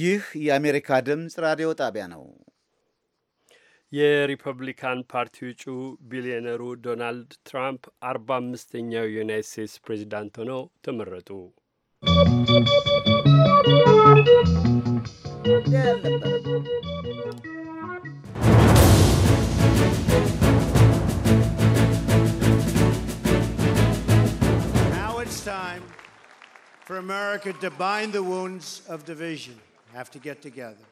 ይህ የአሜሪካ ድምፅ ራዲዮ ጣቢያ ነው። የሪፐብሊካን ፓርቲ እጩ ቢሊዮነሩ ዶናልድ ትራምፕ አርባ አምስተኛው የዩናይት ስቴትስ ፕሬዚዳንት ሆነው ተመረጡ። Now it's time for America to bind the wounds of division. have to get together.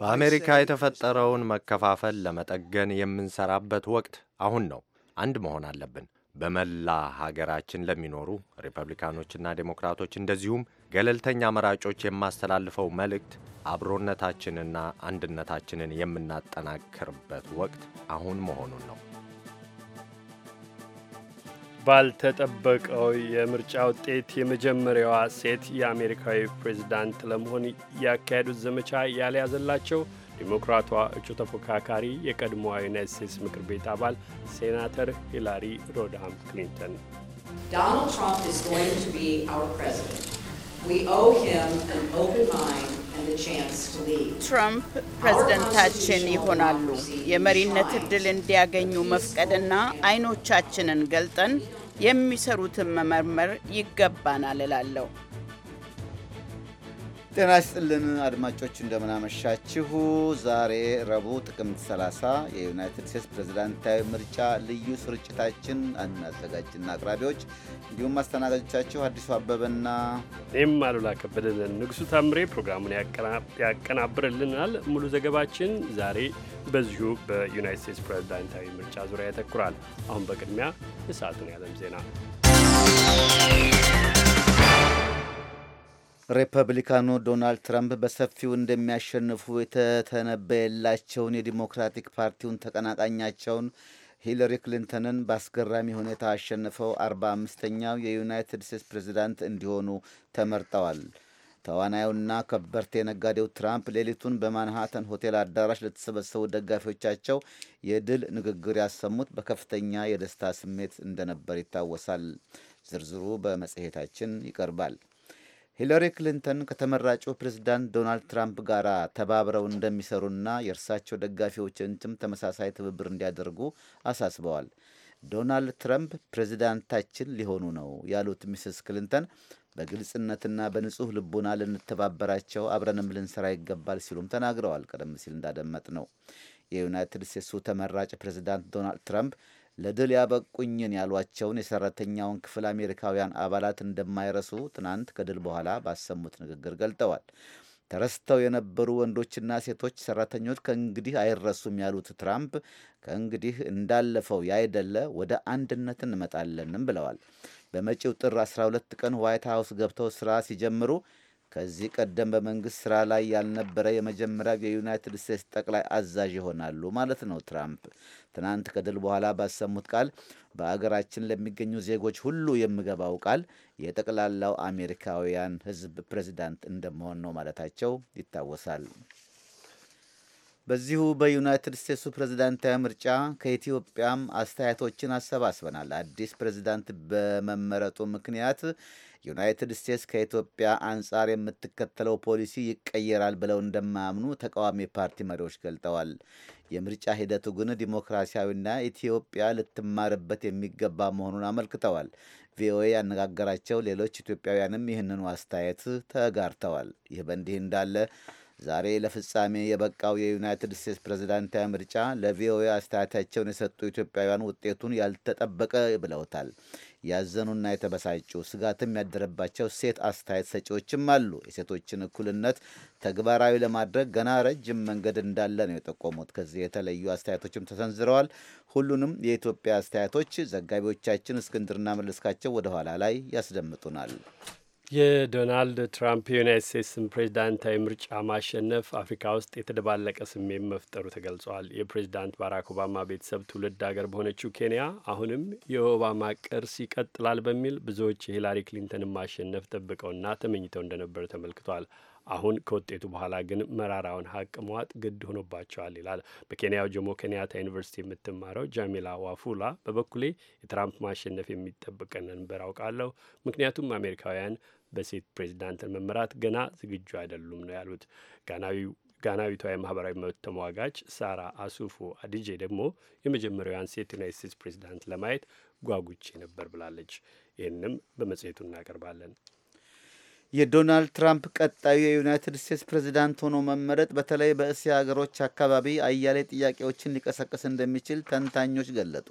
በአሜሪካ የተፈጠረውን መከፋፈል ለመጠገን የምንሰራበት ወቅት አሁን ነው። አንድ መሆን አለብን። በመላ ሀገራችን ለሚኖሩ ሪፐብሊካኖችና ዴሞክራቶች እንደዚሁም ገለልተኛ መራጮች የማስተላልፈው መልእክት አብሮነታችንና አንድነታችንን የምናጠናክርበት ወቅት አሁን መሆኑን ነው። ባልተጠበቀው የምርጫ ውጤት የመጀመሪያዋ ሴት የአሜሪካዊ ፕሬዚዳንት ለመሆን ያካሄዱት ዘመቻ ያልያዘላቸው ዲሞክራቷ እጩ ተፎካካሪ የቀድሞዋ ዩናይት ስቴትስ ምክር ቤት አባል ሴናተር ሂላሪ ሮድሃም ክሊንተን We owe him an open mind ትራምፕ ፕሬዝደንታችን ይሆናሉ። የመሪነት እድል እንዲያገኙ መፍቀድና አይኖቻችንን ገልጠን የሚሰሩትን መመርመር ይገባናል እላለሁ። ጤና ይስጥልን አድማጮች እንደምናመሻችሁ። ዛሬ ረቡዕ ጥቅምት 30 የዩናይትድ ስቴትስ ፕሬዝዳንታዊ ምርጫ ልዩ ስርጭታችን አናዘጋጅና አቅራቢዎች እንዲሁም አስተናጋጆቻችሁ አዲሱ አበበና እኔም አሉላ ከበደለን። ንጉሱ ታምሬ ፕሮግራሙን ያቀናብርልናል። ሙሉ ዘገባችን ዛሬ በዚሁ በዩናይትድ ስቴትስ ፕሬዚዳንታዊ ምርጫ ዙሪያ ያተኩራል። አሁን በቅድሚያ የሰዓቱን ያለም ዜና ሪፐብሊካኑ ዶናልድ ትራምፕ በሰፊው እንደሚያሸንፉ የተተነበየላቸውን የዲሞክራቲክ ፓርቲውን ተቀናቃኛቸውን ሂለሪ ክሊንተንን በአስገራሚ ሁኔታ አሸንፈው 45 አምስተኛው የዩናይትድ ስቴትስ ፕሬዚዳንት እንዲሆኑ ተመርጠዋል። ተዋናዩና ከበርቴ ነጋዴው ትራምፕ ሌሊቱን በማንሃተን ሆቴል አዳራሽ ለተሰበሰቡ ደጋፊዎቻቸው የድል ንግግር ያሰሙት በከፍተኛ የደስታ ስሜት እንደነበር ይታወሳል። ዝርዝሩ በመጽሔታችን ይቀርባል። ሂለሪ ክሊንተን ከተመራጩ ፕሬዝዳንት ዶናልድ ትራምፕ ጋር ተባብረው እንደሚሰሩና የእርሳቸው ደጋፊዎችንትም ተመሳሳይ ትብብር እንዲያደርጉ አሳስበዋል። ዶናልድ ትራምፕ ፕሬዝዳንታችን ሊሆኑ ነው ያሉት ሚስስ ክሊንተን በግልጽነትና በንጹህ ልቡና ልንተባበራቸው አብረንም ልንሰራ ይገባል ሲሉም ተናግረዋል። ቀደም ሲል እንዳደመጥ ነው የዩናይትድ ስቴትሱ ተመራጭ ፕሬዝዳንት ዶናልድ ትራምፕ ለድል ያበቁኝን ያሏቸውን የሰራተኛውን ክፍል አሜሪካውያን አባላት እንደማይረሱ ትናንት ከድል በኋላ ባሰሙት ንግግር ገልጠዋል። ተረስተው የነበሩ ወንዶችና ሴቶች ሰራተኞች ከእንግዲህ አይረሱም ያሉት ትራምፕ ከእንግዲህ እንዳለፈው ያይደለ ወደ አንድነት እንመጣለንም ብለዋል። በመጪው ጥር 12 ቀን ዋይት ሀውስ ገብተው ስራ ሲጀምሩ ከዚህ ቀደም በመንግስት ስራ ላይ ያልነበረ የመጀመሪያው የዩናይትድ ስቴትስ ጠቅላይ አዛዥ ይሆናሉ ማለት ነው። ትራምፕ ትናንት ከድል በኋላ ባሰሙት ቃል በአገራችን ለሚገኙ ዜጎች ሁሉ የምገባው ቃል የጠቅላላው አሜሪካውያን ሕዝብ ፕሬዚዳንት እንደመሆን ነው ማለታቸው ይታወሳል። በዚሁ በዩናይትድ ስቴትሱ ፕሬዚዳንታዊ ምርጫ ከኢትዮጵያም አስተያየቶችን አሰባስበናል። አዲስ ፕሬዚዳንት በመመረጡ ምክንያት ዩናይትድ ስቴትስ ከኢትዮጵያ አንጻር የምትከተለው ፖሊሲ ይቀየራል ብለው እንደማያምኑ ተቃዋሚ ፓርቲ መሪዎች ገልጠዋል። የምርጫ ሂደቱ ግን ዲሞክራሲያዊና ኢትዮጵያ ልትማርበት የሚገባ መሆኑን አመልክተዋል። ቪኦኤ ያነጋገራቸው ሌሎች ኢትዮጵያውያንም ይህንኑ አስተያየት ተጋርተዋል። ይህ በእንዲህ እንዳለ ዛሬ ለፍጻሜ የበቃው የዩናይትድ ስቴትስ ፕሬዝዳንታዊ ምርጫ ለቪኦኤ አስተያየታቸውን የሰጡ ኢትዮጵያውያን ውጤቱን ያልተጠበቀ ብለውታል። ያዘኑና የተበሳጩ ስጋትም ያደረባቸው ሴት አስተያየት ሰጪዎችም አሉ። የሴቶችን እኩልነት ተግባራዊ ለማድረግ ገና ረጅም መንገድ እንዳለ ነው የጠቆሙት። ከዚህ የተለዩ አስተያየቶችም ተሰንዝረዋል። ሁሉንም የኢትዮጵያ አስተያየቶች ዘጋቢዎቻችን እስክንድርና መለስካቸው ወደ ኋላ ላይ ያስደምጡናል። የዶናልድ ትራምፕ የዩናይት ስቴትስን ፕሬዚዳንታዊ ምርጫ ማሸነፍ አፍሪካ ውስጥ የተደባለቀ ስሜት መፍጠሩ ተገልጿል። የፕሬዚዳንት ባራክ ኦባማ ቤተሰብ ትውልድ ሀገር በሆነችው ኬንያ አሁንም የኦባማ ቅርስ ይቀጥላል በሚል ብዙዎች የሂላሪ ክሊንተንን ማሸነፍ ጠብቀውና ተመኝተው እንደነበረ ተመልክቷል። አሁን ከውጤቱ በኋላ ግን መራራውን ሀቅ መዋጥ ግድ ሆኖባቸዋል ይላል። በኬንያው ጆሞ ኬንያታ ዩኒቨርሲቲ የምትማረው ጃሚላ ዋፉላ በበኩሌ የትራምፕ ማሸነፍ የሚጠበቀንን ነበር አውቃለሁ፣ ምክንያቱም አሜሪካውያን በሴት ፕሬዚዳንትን መመራት ገና ዝግጁ አይደሉም ነው ያሉት። ጋናዊቷ የማህበራዊ መብት ተሟጋች ሳራ አሱፉ አዲጄ ደግሞ የመጀመሪያዋን ሴት ዩናይት ስቴትስ ፕሬዚዳንት ለማየት ጓጉቼ ነበር ብላለች። ይህንም በመጽሔቱ እናቀርባለን። የዶናልድ ትራምፕ ቀጣዩ የዩናይትድ ስቴትስ ፕሬዚዳንት ሆኖ መመረጥ በተለይ በእስያ ሀገሮች አካባቢ አያሌ ጥያቄዎችን ሊቀሰቅስ እንደሚችል ተንታኞች ገለጡ።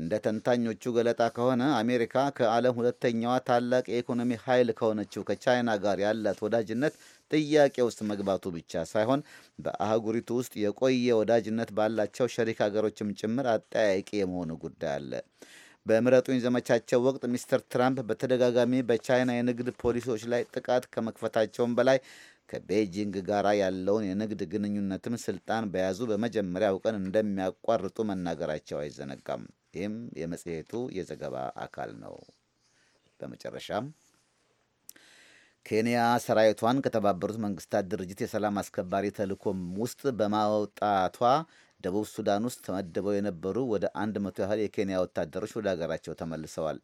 እንደ ተንታኞቹ ገለጣ ከሆነ አሜሪካ ከዓለም ሁለተኛዋ ታላቅ የኢኮኖሚ ኃይል ከሆነችው ከቻይና ጋር ያላት ወዳጅነት ጥያቄ ውስጥ መግባቱ ብቻ ሳይሆን በአህጉሪቱ ውስጥ የቆየ ወዳጅነት ባላቸው ሸሪክ ሀገሮችም ጭምር አጠያቂ የመሆኑ ጉዳይ አለ። በምረጡኝ ዘመቻቸው ወቅት ሚስተር ትራምፕ በተደጋጋሚ በቻይና የንግድ ፖሊሲዎች ላይ ጥቃት ከመክፈታቸውም በላይ ከቤጂንግ ጋር ያለውን የንግድ ግንኙነትም ስልጣን በያዙ በመጀመሪያው ቀን እንደሚያቋርጡ መናገራቸው አይዘነጋም። ይህም የመጽሔቱ የዘገባ አካል ነው። በመጨረሻም ኬንያ ሰራዊቷን ከተባበሩት መንግስታት ድርጅት የሰላም አስከባሪ ተልእኮም ውስጥ በማውጣቷ ደቡብ ሱዳን ውስጥ ተመድበው የነበሩ ወደ አንድ መቶ ያህል የኬንያ ወታደሮች ወደ ሀገራቸው ተመልሰዋል።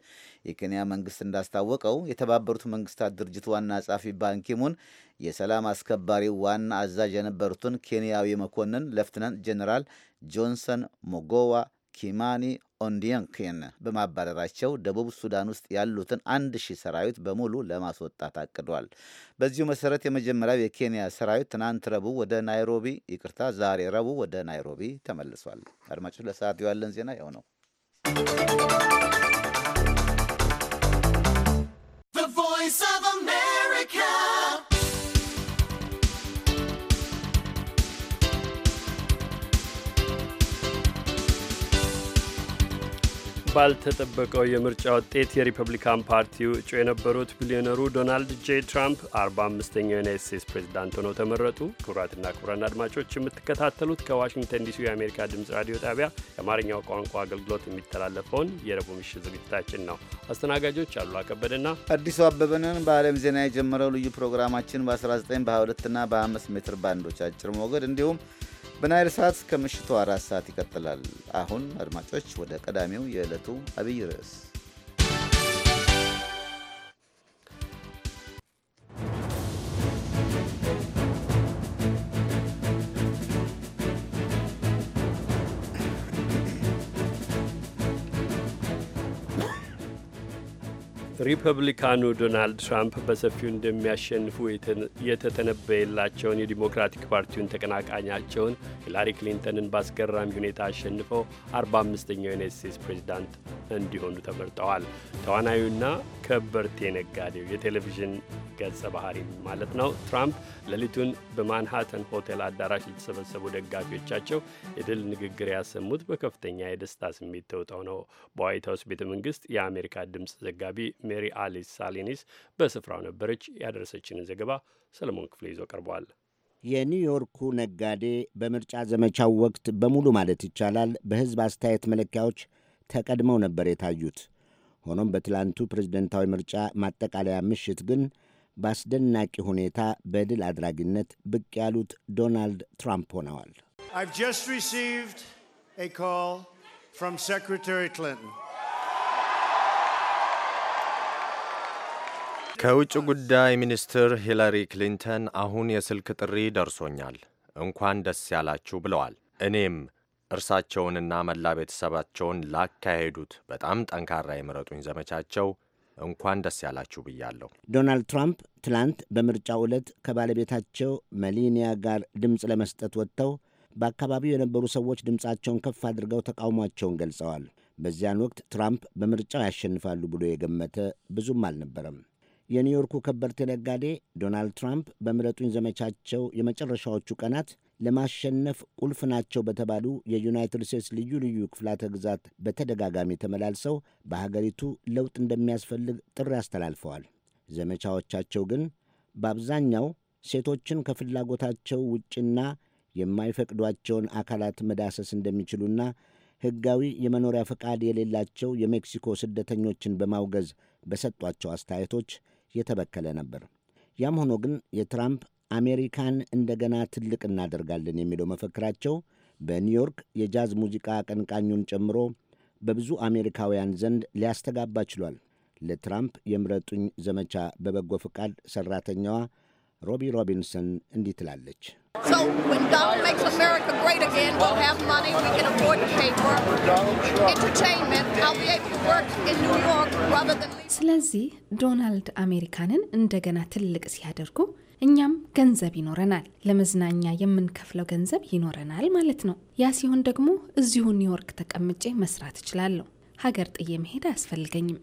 የኬንያ መንግስት እንዳስታወቀው የተባበሩት መንግስታት ድርጅት ዋና ጸሐፊ ባንኪሙን የሰላም አስከባሪ ዋና አዛዥ የነበሩትን ኬንያዊ መኮንን ሌፍትናንት ጄኔራል ጆንሰን ሞጎዋ ኪማኒ ኦንዲየንኬን በማባረራቸው ደቡብ ሱዳን ውስጥ ያሉትን አንድ ሺህ ሰራዊት በሙሉ ለማስወጣት አቅዷል። በዚሁ መሰረት የመጀመሪያው የኬንያ ሰራዊት ትናንት ረቡዕ ወደ ናይሮቢ ይቅርታ፣ ዛሬ ረቡዕ ወደ ናይሮቢ ተመልሷል። አድማጮች፣ ለሰዓት ያለን ዜና ያው ነው። ባልተጠበቀው የምርጫ ውጤት የሪፐብሊካን ፓርቲው እጩ የነበሩት ቢሊዮነሩ ዶናልድ ጄ ትራምፕ 45ኛው ዩናይት ስቴትስ ፕሬዚዳንት ሆነው ተመረጡ። ክቡራትና ክቡራን አድማጮች የምትከታተሉት ከዋሽንግተን ዲሲ የአሜሪካ ድምፅ ራዲዮ ጣቢያ የአማርኛው ቋንቋ አገልግሎት የሚተላለፈውን የረቡዕ ምሽት ዝግጅታችን ነው። አስተናጋጆች አሉ ከበደና አዲሱ አበበንን በዓለም ዜና የጀመረው ልዩ ፕሮግራማችን በ19 በ22ና በ5 ሜትር ባንዶች አጭር ሞገድ እንዲሁም በናይል ሰዓት ከምሽቱ አራት ሰዓት ይቀጥላል። አሁን አድማጮች ወደ ቀዳሚው የዕለቱ አብይ ርዕስ ሪፐብሊካኑ ዶናልድ ትራምፕ በሰፊው እንደሚያሸንፉ የተተነበየላቸውን የዲሞክራቲክ ፓርቲውን ተቀናቃኛቸውን ሂላሪ ክሊንተንን በአስገራሚ ሁኔታ አሸንፈው 45ኛው የዩናይት ስቴትስ ፕሬዚዳንት እንዲሆኑ ተመርጠዋል። ተዋናዩና ከበርቴ ነጋዴው የቴሌቪዥን ገጸ ባህሪ ማለት ነው። ትራምፕ ሌሊቱን በማንሃተን ሆቴል አዳራሽ የተሰበሰቡ ደጋፊዎቻቸው የድል ንግግር ያሰሙት በከፍተኛ የደስታ ስሜት ተውጠው ነው። በዋይት ሀውስ ቤተ መንግስት የአሜሪካ ድምፅ ዘጋቢ ሜሪ አሊስ ሳሊኒስ በስፍራው ነበረች። ያደረሰችንን ዘገባ ሰለሞን ክፍሌ ይዞ ቀርቧል። የኒውዮርኩ ነጋዴ በምርጫ ዘመቻው ወቅት በሙሉ ማለት ይቻላል በሕዝብ አስተያየት መለኪያዎች ተቀድመው ነበር የታዩት። ሆኖም በትላንቱ ፕሬዝደንታዊ ምርጫ ማጠቃለያ ምሽት ግን በአስደናቂ ሁኔታ በድል አድራጊነት ብቅ ያሉት ዶናልድ ትራምፕ ሆነዋል። ከውጭ ጉዳይ ሚኒስትር ሂላሪ ክሊንተን አሁን የስልክ ጥሪ ደርሶኛል። እንኳን ደስ ያላችሁ ብለዋል። እኔም እርሳቸውንና መላ ቤተሰባቸውን ላካሄዱት በጣም ጠንካራ የምረጡኝ ዘመቻቸው እንኳን ደስ ያላችሁ ብያለሁ። ዶናልድ ትራምፕ ትላንት በምርጫው ዕለት ከባለቤታቸው መሊኒያ ጋር ድምፅ ለመስጠት ወጥተው በአካባቢው የነበሩ ሰዎች ድምፃቸውን ከፍ አድርገው ተቃውሟቸውን ገልጸዋል። በዚያን ወቅት ትራምፕ በምርጫው ያሸንፋሉ ብሎ የገመተ ብዙም አልነበረም። የኒውዮርኩ ከበርቴ ነጋዴ ዶናልድ ትራምፕ በምረጡኝ ዘመቻቸው የመጨረሻዎቹ ቀናት ለማሸነፍ ቁልፍ ናቸው በተባሉ የዩናይትድ ስቴትስ ልዩ ልዩ ክፍላተ ግዛት በተደጋጋሚ ተመላልሰው በሀገሪቱ ለውጥ እንደሚያስፈልግ ጥሪ አስተላልፈዋል። ዘመቻዎቻቸው ግን በአብዛኛው ሴቶችን ከፍላጎታቸው ውጭና የማይፈቅዷቸውን አካላት መዳሰስ እንደሚችሉና ሕጋዊ የመኖሪያ ፈቃድ የሌላቸው የሜክሲኮ ስደተኞችን በማውገዝ በሰጧቸው አስተያየቶች የተበከለ ነበር። ያም ሆኖ ግን የትራምፕ አሜሪካን እንደገና ትልቅ እናደርጋለን የሚለው መፈክራቸው በኒውዮርክ የጃዝ ሙዚቃ አቀንቃኙን ጨምሮ በብዙ አሜሪካውያን ዘንድ ሊያስተጋባ ችሏል። ለትራምፕ የምረጡኝ ዘመቻ በበጎ ፈቃድ ሠራተኛዋ ሮቢ ሮቢንሰን እንዲህ ትላለች። So when Donald makes America great again, we'll have money, we can afford to pay for entertainment. I'll be able to work in New York rather than ስለዚህ ዶናልድ አሜሪካንን እንደገና ትልቅ ሲያደርጉ እኛም ገንዘብ ይኖረናል፣ ለመዝናኛ የምንከፍለው ገንዘብ ይኖረናል ማለት ነው። ያ ሲሆን ደግሞ እዚሁ ኒውዮርክ ተቀምጬ መስራት እችላለሁ። ሀገር ጥዬ መሄድ አያስፈልገኝም።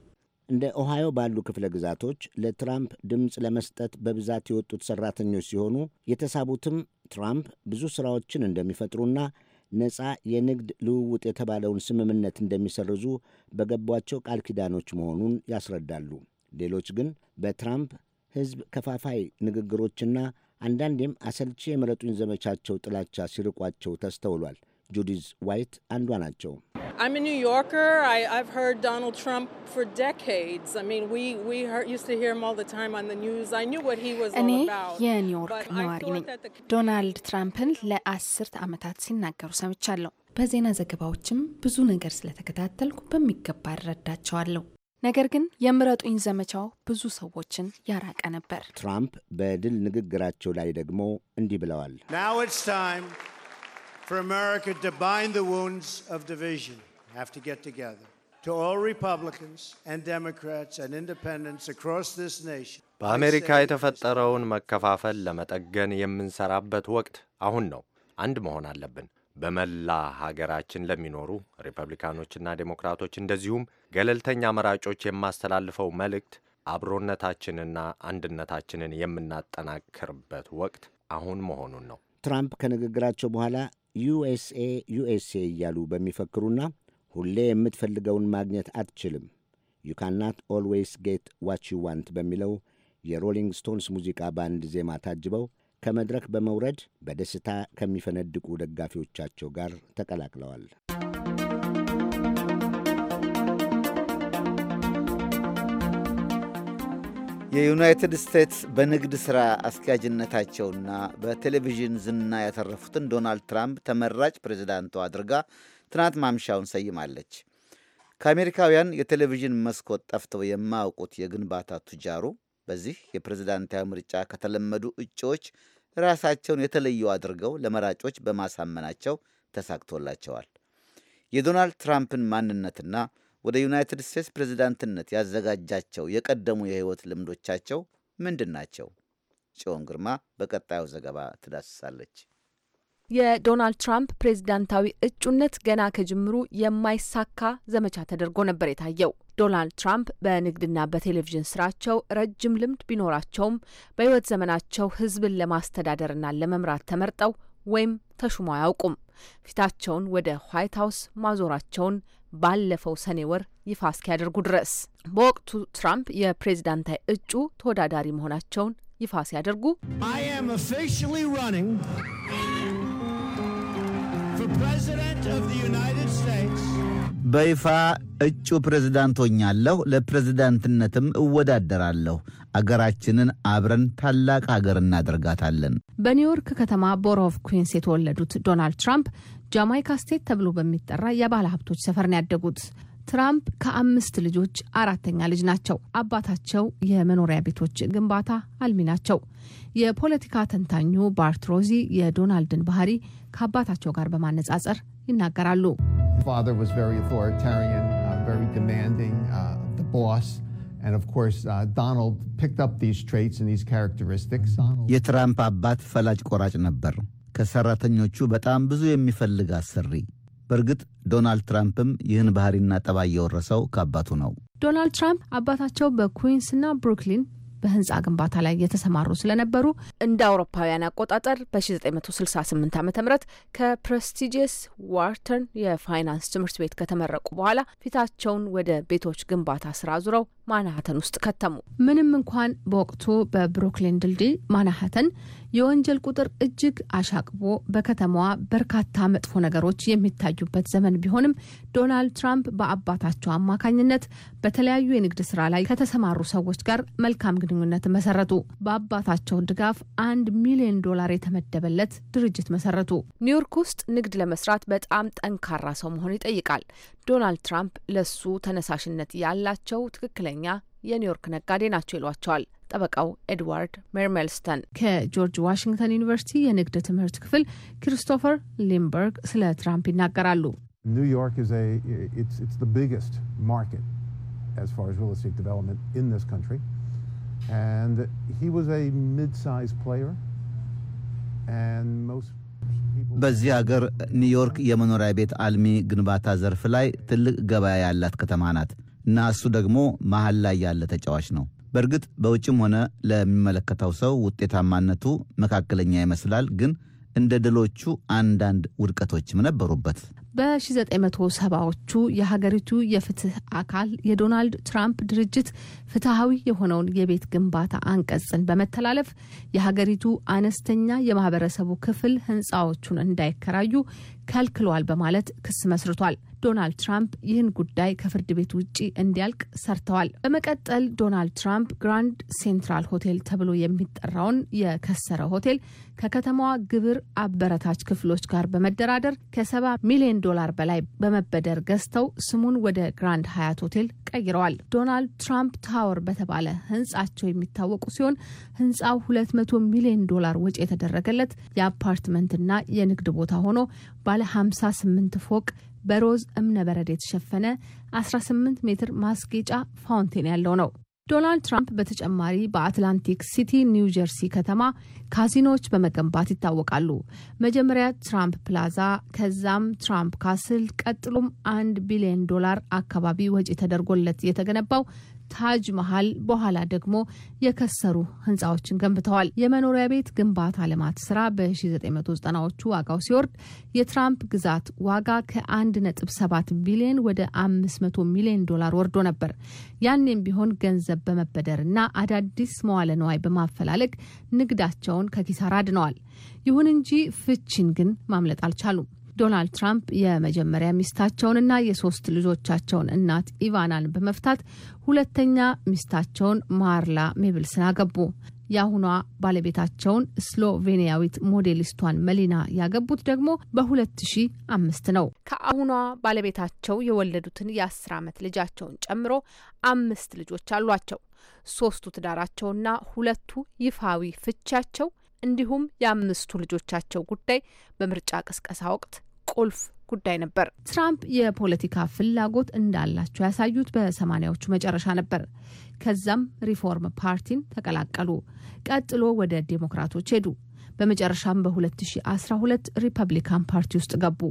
እንደ ኦሃዮ ባሉ ክፍለ ግዛቶች ለትራምፕ ድምፅ ለመስጠት በብዛት የወጡት ሰራተኞች ሲሆኑ የተሳቡትም ትራምፕ ብዙ ሥራዎችን እንደሚፈጥሩና ነፃ የንግድ ልውውጥ የተባለውን ስምምነት እንደሚሰርዙ በገቧቸው ቃል ኪዳኖች መሆኑን ያስረዳሉ። ሌሎች ግን በትራምፕ ሕዝብ ከፋፋይ ንግግሮችና አንዳንዴም አሰልቺ የምረጡኝ ዘመቻቸው ጥላቻ ሲርቋቸው ተስተውሏል። ጁዲዝ ዋይት አንዷ ናቸው። እኔ የኒውዮርክ ነዋሪ ነኝ። ዶናልድ ትራምፕን ለአስርት ዓመታት ሲናገሩ ሰምቻለሁ። በዜና ዘገባዎችም ብዙ ነገር ስለተከታተልኩ በሚገባ እረዳቸዋለሁ። ነገር ግን የምረጡኝ ዘመቻው ብዙ ሰዎችን ያራቀ ነበር። ትራምፕ በድል ንግግራቸው ላይ ደግሞ እንዲህ ብለዋል። for America to bind the wounds of division, have to get together. በአሜሪካ የተፈጠረውን መከፋፈል ለመጠገን የምንሰራበት ወቅት አሁን ነው። አንድ መሆን አለብን። በመላ ሀገራችን ለሚኖሩ ሪፐብሊካኖችና ዴሞክራቶች እንደዚሁም ገለልተኛ መራጮች የማስተላልፈው መልእክት አብሮነታችንና አንድነታችንን የምናጠናክርበት ወቅት አሁን መሆኑን ነው። ትራምፕ ከንግግራቸው በኋላ ዩኤስኤ ዩኤስኤ እያሉ በሚፈክሩና ሁሌ የምትፈልገውን ማግኘት አትችልም ዩ ካናት ኦልዌይስ ጌት ዋች ዩ ዋንት በሚለው የሮሊንግ ስቶንስ ሙዚቃ ባንድ ዜማ ታጅበው ከመድረክ በመውረድ በደስታ ከሚፈነድቁ ደጋፊዎቻቸው ጋር ተቀላቅለዋል። የዩናይትድ ስቴትስ በንግድ ሥራ አስኪያጅነታቸውና በቴሌቪዥን ዝና ያተረፉትን ዶናልድ ትራምፕ ተመራጭ ፕሬዚዳንቱ አድርጋ ትናንት ማምሻውን ሰይማለች። ከአሜሪካውያን የቴሌቪዥን መስኮት ጠፍተው የማያውቁት የግንባታ ቱጃሩ በዚህ የፕሬዝዳንታዊ ምርጫ ከተለመዱ እጩዎች ራሳቸውን የተለዩ አድርገው ለመራጮች በማሳመናቸው ተሳክቶላቸዋል። የዶናልድ ትራምፕን ማንነትና ወደ ዩናይትድ ስቴትስ ፕሬዝዳንትነት ያዘጋጃቸው የቀደሙ የህይወት ልምዶቻቸው ምንድን ናቸው? ጽዮን ግርማ በቀጣዩ ዘገባ ትዳስሳለች። የዶናልድ ትራምፕ ፕሬዚዳንታዊ እጩነት ገና ከጅምሩ የማይሳካ ዘመቻ ተደርጎ ነበር የታየው። ዶናልድ ትራምፕ በንግድና በቴሌቪዥን ስራቸው ረጅም ልምድ ቢኖራቸውም በህይወት ዘመናቸው ህዝብን ለማስተዳደርና ለመምራት ተመርጠው ወይም ተሹሞ አያውቁም። ፊታቸውን ወደ ዋይት ሀውስ ማዞራቸውን ባለፈው ሰኔ ወር ይፋ እስኪያደርጉ ድረስ። በወቅቱ ትራምፕ የፕሬዚዳንታዊ እጩ ተወዳዳሪ መሆናቸውን ይፋ ሲያደርጉ በይፋ እጩ ፕሬዝዳንት ሆኛለሁ፣ ለፕሬዝዳንትነትም እወዳደራለሁ። አገራችንን አብረን ታላቅ ሀገር እናደርጋታለን። በኒውዮርክ ከተማ ቦሮ ኦፍ ኩንስ የተወለዱት ዶናልድ ትራምፕ ጃማይካ ስቴት ተብሎ በሚጠራ የባለ ሀብቶች ሰፈር ነው ያደጉት። ትራምፕ ከአምስት ልጆች አራተኛ ልጅ ናቸው። አባታቸው የመኖሪያ ቤቶች ግንባታ አልሚ ናቸው። የፖለቲካ ተንታኙ ባርት ሮዚ የዶናልድን ባህሪ ከአባታቸው ጋር በማነጻጸር ይናገራሉ። uh, uh, uh, የትራምፕ አባት ፈላጭ ቆራጭ ነበር። ከሠራተኞቹ በጣም ብዙ የሚፈልግ አሰሪ። በእርግጥ ዶናልድ ትራምፕም ይህን ባህሪና ጠባይ የወረሰው ከአባቱ ነው። ዶናልድ ትራምፕ አባታቸው በኩዊንስና ብሩክሊን በህንፃ ግንባታ ላይ የተሰማሩ ስለነበሩ እንደ አውሮፓውያን አቆጣጠር በ1968 ዓ ም ከፕሬስቲጂየስ ዋርተን የፋይናንስ ትምህርት ቤት ከተመረቁ በኋላ ፊታቸውን ወደ ቤቶች ግንባታ ስራ ዙረው ማናሃተን ውስጥ ከተሙ። ምንም እንኳን በወቅቱ በብሩክሊን ድልድይ ማናሃተን የወንጀል ቁጥር እጅግ አሻቅቦ በከተማዋ በርካታ መጥፎ ነገሮች የሚታዩበት ዘመን ቢሆንም ዶናልድ ትራምፕ በአባታቸው አማካኝነት በተለያዩ የንግድ ስራ ላይ ከተሰማሩ ሰዎች ጋር መልካም ግንኙነት መሰረቱ። በአባታቸው ድጋፍ አንድ ሚሊዮን ዶላር የተመደበለት ድርጅት መሰረቱ። ኒውዮርክ ውስጥ ንግድ ለመስራት በጣም ጠንካራ ሰው መሆን ይጠይቃል። ዶናልድ ትራምፕ ለሱ ተነሳሽነት ያላቸው ትክክለኛ የኒውዮርክ ነጋዴ ናቸው ይሏቸዋል። ጠበቃው ኤድዋርድ ሜርሜልስተን ከጆርጅ ዋሽንግተን ዩኒቨርሲቲ የንግድ ትምህርት ክፍል ክሪስቶፈር ሊምበርግ ስለ ትራምፕ ይናገራሉ። በዚህ ሀገር ኒውዮርክ የመኖሪያ ቤት አልሚ ግንባታ ዘርፍ ላይ ትልቅ ገበያ ያላት ከተማ ናት እና እሱ ደግሞ መሀል ላይ ያለ ተጫዋች ነው። በእርግጥ በውጭም ሆነ ለሚመለከተው ሰው ውጤታማነቱ መካከለኛ ይመስላል፣ ግን እንደ ድሎቹ አንዳንድ ውድቀቶችም ነበሩበት። በ1970ዎቹ የሀገሪቱ የፍትህ አካል የዶናልድ ትራምፕ ድርጅት ፍትሐዊ የሆነውን የቤት ግንባታ አንቀጽን በመተላለፍ የሀገሪቱ አነስተኛ የማህበረሰቡ ክፍል ህንፃዎቹን እንዳይከራዩ ከልክሏል በማለት ክስ መስርቷል። ዶናልድ ትራምፕ ይህን ጉዳይ ከፍርድ ቤት ውጪ እንዲያልቅ ሰርተዋል። በመቀጠል ዶናልድ ትራምፕ ግራንድ ሴንትራል ሆቴል ተብሎ የሚጠራውን የከሰረ ሆቴል ከከተማዋ ግብር አበረታች ክፍሎች ጋር በመደራደር ከሰባ ሚሊዮን ዶላር በላይ በመበደር ገዝተው ስሙን ወደ ግራንድ ሀያት ሆቴል ቀይረዋል። ዶናልድ ትራምፕ ታወር በተባለ ህንጻቸው የሚታወቁ ሲሆን ህንጻው 200 ሚሊዮን ዶላር ወጪ የተደረገለት የአፓርትመንትና የንግድ ቦታ ሆኖ ባለ ስምንት ፎቅ በሮዝ እብነበረድ የተሸፈነ 18 ሜትር ማስጌጫ ፋውንቴን ያለው ነው። ዶናልድ ትራምፕ በተጨማሪ በአትላንቲክ ሲቲ ኒው ጀርሲ ከተማ ካዚኖዎች በመገንባት ይታወቃሉ። መጀመሪያ ትራምፕ ፕላዛ፣ ከዛም ትራምፕ ካስል፣ ቀጥሎም አንድ ቢሊዮን ዶላር አካባቢ ወጪ ተደርጎለት የተገነባው ታጅ መሀል በኋላ ደግሞ የከሰሩ ህንፃዎችን ገንብተዋል። የመኖሪያ ቤት ግንባታ ልማት ስራ በ1990ዎቹ ዋጋው ሲወርድ የትራምፕ ግዛት ዋጋ ከ1.7 ቢሊዮን ወደ 500 ሚሊዮን ዶላር ወርዶ ነበር። ያኔም ቢሆን ገንዘብ በመበደር እና አዳዲስ መዋለ ንዋይ በማፈላለግ ንግዳቸውን ከኪሳራ አድነዋል። ይሁን እንጂ ፍቺን ግን ማምለጥ አልቻሉም። ዶናልድ ትራምፕ የመጀመሪያ ሚስታቸውንና የሶስት ልጆቻቸውን እናት ኢቫናን በመፍታት ሁለተኛ ሚስታቸውን ማርላ ሜብልስን አገቡ። የአሁኗ ባለቤታቸውን ስሎቬኒያዊት ሞዴሊስቷን መሊና ያገቡት ደግሞ በ2005 ነው። ከአሁኗ ባለቤታቸው የወለዱትን የአስር ዓመት ልጃቸውን ጨምሮ አምስት ልጆች አሏቸው። ሶስቱ ትዳራቸውና ሁለቱ ይፋዊ ፍቻቸው እንዲሁም የአምስቱ ልጆቻቸው ጉዳይ በምርጫ ቅስቀሳ ወቅት ቁልፍ ጉዳይ ነበር። ትራምፕ የፖለቲካ ፍላጎት እንዳላቸው ያሳዩት በሰማኒያዎቹ መጨረሻ ነበር። ከዛም ሪፎርም ፓርቲን ተቀላቀሉ። ቀጥሎ ወደ ዴሞክራቶች ሄዱ። በመጨረሻም በ2012 ሪፐብሊካን ፓርቲ ውስጥ ገቡ።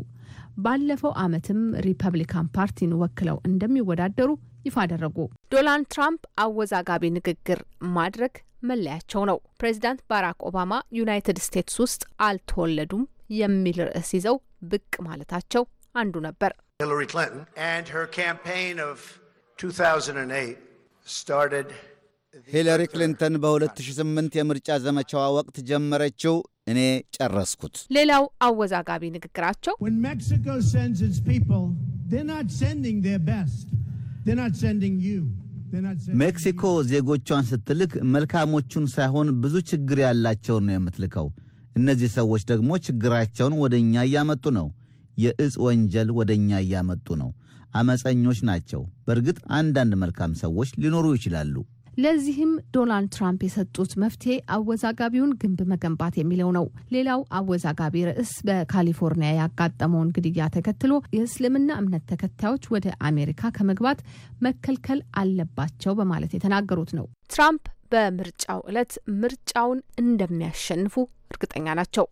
ባለፈው ዓመትም ሪፐብሊካን ፓርቲን ወክለው እንደሚወዳደሩ ይፋ አደረጉ። ዶናልድ ትራምፕ አወዛጋቢ ንግግር ማድረግ መለያቸው ነው። ፕሬዚዳንት ባራክ ኦባማ ዩናይትድ ስቴትስ ውስጥ አልተወለዱም የሚል ርዕስ ይዘው ብቅ ማለታቸው አንዱ ነበር። ሂለሪ ክሊንተን በ2008 የምርጫ ዘመቻዋ ወቅት ጀመረችው እኔ ጨረስኩት። ሌላው አወዛጋቢ ንግግራቸው ሜክሲኮ ዜጎቿን ስትልክ መልካሞቹን ሳይሆን ብዙ ችግር ያላቸውን ነው የምትልከው። እነዚህ ሰዎች ደግሞ ችግራቸውን ወደ እኛ እያመጡ ነው። የእጽ ወንጀል ወደ እኛ እያመጡ ነው። አመፀኞች ናቸው። በእርግጥ አንዳንድ መልካም ሰዎች ሊኖሩ ይችላሉ። ለዚህም ዶናልድ ትራምፕ የሰጡት መፍትሄ አወዛጋቢውን ግንብ መገንባት የሚለው ነው። ሌላው አወዛጋቢ ርዕስ በካሊፎርኒያ ያጋጠመውን ግድያ ተከትሎ የእስልምና እምነት ተከታዮች ወደ አሜሪካ ከመግባት መከልከል አለባቸው በማለት የተናገሩት ነው። ትራምፕ በምርጫው ዕለት ምርጫውን እንደሚያሸንፉ እርግጠኛ ናቸው።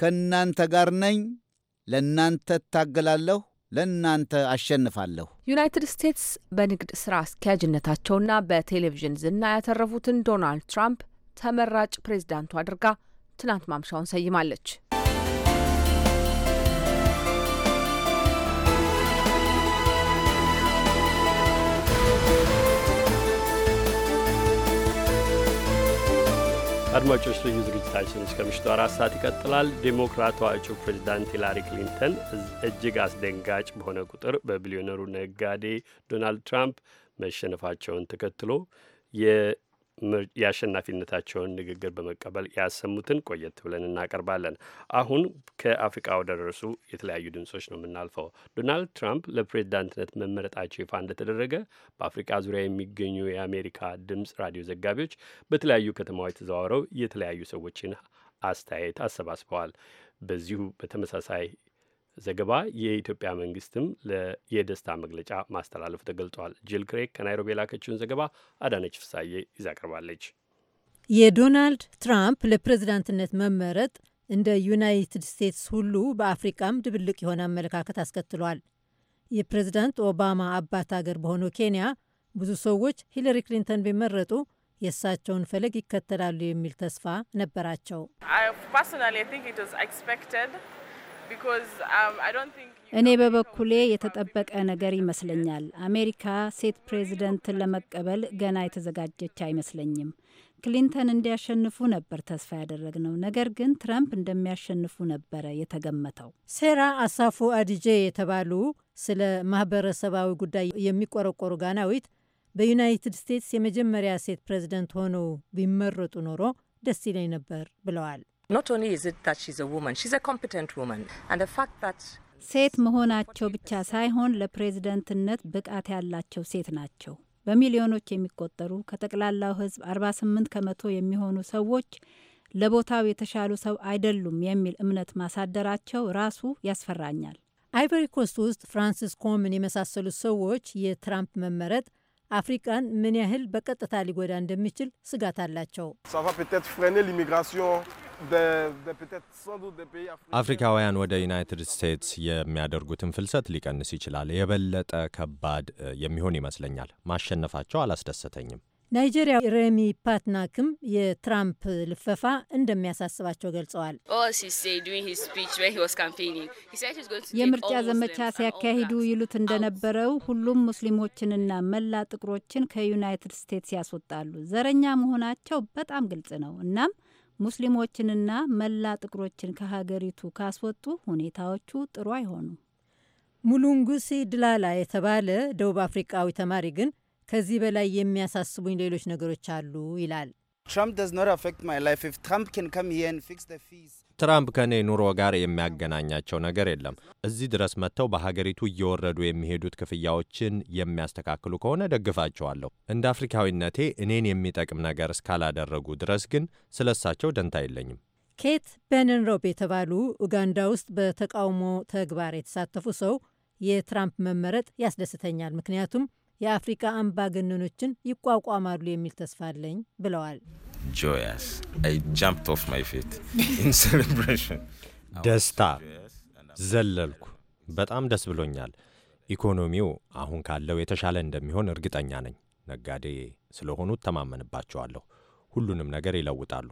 ከእናንተ ጋር ነኝ፣ ለእናንተ እታገላለሁ፣ ለእናንተ አሸንፋለሁ። ዩናይትድ ስቴትስ በንግድ ሥራ አስኪያጅነታቸውና በቴሌቪዥን ዝና ያተረፉትን ዶናልድ ትራምፕ ተመራጭ ፕሬዝዳንቱ አድርጋ ትናንት ማምሻውን ሰይማለች። አድማጮች ልዩ ዝግጅታችን እስከ ምሽቱ አራት ሰዓት ይቀጥላል። ዴሞክራቷ እጩ ፕሬዚዳንት ሂላሪ ክሊንተን እጅግ አስደንጋጭ በሆነ ቁጥር በቢሊዮነሩ ነጋዴ ዶናልድ ትራምፕ መሸነፋቸውን ተከትሎ የአሸናፊነታቸውን ንግግር በመቀበል ያሰሙትን ቆየት ብለን እናቀርባለን። አሁን ከአፍሪቃ ወደ ደረሱ የተለያዩ ድምጾች ነው የምናልፈው። ዶናልድ ትራምፕ ለፕሬዚዳንትነት መመረጣቸው ይፋ እንደተደረገ በአፍሪቃ ዙሪያ የሚገኙ የአሜሪካ ድምፅ ራዲዮ ዘጋቢዎች በተለያዩ ከተማዎች ተዘዋውረው የተለያዩ ሰዎችን አስተያየት አሰባስበዋል። በዚሁ በተመሳሳይ ዘገባ የኢትዮጵያ መንግስትም የደስታ መግለጫ ማስተላለፉ ተገልጧል። ጂል ክሬክ ከናይሮቢ የላከችውን ዘገባ አዳነች ፍሳዬ ይዛ ቀርባለች። የዶናልድ ትራምፕ ለፕሬዝዳንትነት መመረጥ እንደ ዩናይትድ ስቴትስ ሁሉ በአፍሪቃም ድብልቅ የሆነ አመለካከት አስከትሏል። የፕሬዝዳንት ኦባማ አባት አገር በሆነው ኬንያ ብዙ ሰዎች ሂለሪ ክሊንተን ቢመረጡ የእሳቸውን ፈለግ ይከተላሉ የሚል ተስፋ ነበራቸው። Um, እኔ በበኩሌ የተጠበቀ ነገር ይመስለኛል። አሜሪካ ሴት ፕሬዚደንትን ለመቀበል ገና የተዘጋጀች አይመስለኝም። ክሊንተን እንዲያሸንፉ ነበር ተስፋ ያደረግነው፣ ነገር ግን ትራምፕ እንደሚያሸንፉ ነበረ የተገመተው። ሴራ አሳፉ አዲጄ የተባሉ ስለ ማህበረሰባዊ ጉዳይ የሚቆረቆሩ ጋናዊት በዩናይትድ ስቴትስ የመጀመሪያ ሴት ፕሬዝደንት ሆነው ቢመረጡ ኖሮ ደስ ይለኝ ነበር ብለዋል። ሴት መሆናቸው ብቻ ሳይሆን ለፕሬዝደንትነት ብቃት ያላቸው ሴት ናቸው። በሚሊዮኖች የሚቆጠሩ ከጠቅላላው ሕዝብ 48 ከመቶ የሚሆኑ ሰዎች ለቦታው የተሻሉ ሰው አይደሉም የሚል እምነት ማሳደራቸው ራሱ ያስፈራኛል። አይቨሪ ኮስት ውስጥ ፍራንሲስ ኮምን የመሳሰሉ ሰዎች የትራምፕ መመረጥ አፍሪቃን ምን ያህል በቀጥታ ሊጎዳ እንደሚችል ስጋት አላቸው። አፍሪካውያን ወደ ዩናይትድ ስቴትስ የሚያደርጉትን ፍልሰት ሊቀንስ ይችላል። የበለጠ ከባድ የሚሆን ይመስለኛል። ማሸነፋቸው አላስደሰተኝም። ናይጄሪያ ረሚ ፓትናክም የትራምፕ ልፈፋ እንደሚያሳስባቸው ገልጸዋል። የምርጫ ዘመቻ ሲያካሂዱ ይሉት እንደነበረው ሁሉም ሙስሊሞችንና መላ ጥቁሮችን ከዩናይትድ ስቴትስ ያስወጣሉ። ዘረኛ መሆናቸው በጣም ግልጽ ነው። እናም ሙስሊሞችንና መላ ጥቁሮችን ከሀገሪቱ ካስወጡ ሁኔታዎቹ ጥሩ አይሆኑም። ሙሉንጉሲ ድላላ የተባለ ደቡብ አፍሪቃዊ ተማሪ ግን ከዚህ በላይ የሚያሳስቡኝ ሌሎች ነገሮች አሉ ይላል። ትራምፕ ከእኔ ኑሮ ጋር የሚያገናኛቸው ነገር የለም። እዚህ ድረስ መጥተው በሀገሪቱ እየወረዱ የሚሄዱት ክፍያዎችን የሚያስተካክሉ ከሆነ ደግፋቸዋለሁ። እንደ አፍሪካዊነቴ እኔን የሚጠቅም ነገር እስካላደረጉ ድረስ ግን ስለ እሳቸው ደንታ የለኝም። ኬት በንንሮብ የተባሉ ኡጋንዳ ውስጥ በተቃውሞ ተግባር የተሳተፉ ሰው የትራምፕ መመረጥ ያስደስተኛል፣ ምክንያቱም የአፍሪካ አምባገነኖችን ይቋቋማሉ የሚል ተስፋ አለኝ ብለዋል። ደስታ ዘለልኩ። በጣም ደስ ብሎኛል። ኢኮኖሚው አሁን ካለው የተሻለ እንደሚሆን እርግጠኛ ነኝ። ነጋዴ ስለሆኑ ተማመንባቸዋለሁ። ሁሉንም ነገር ይለውጣሉ።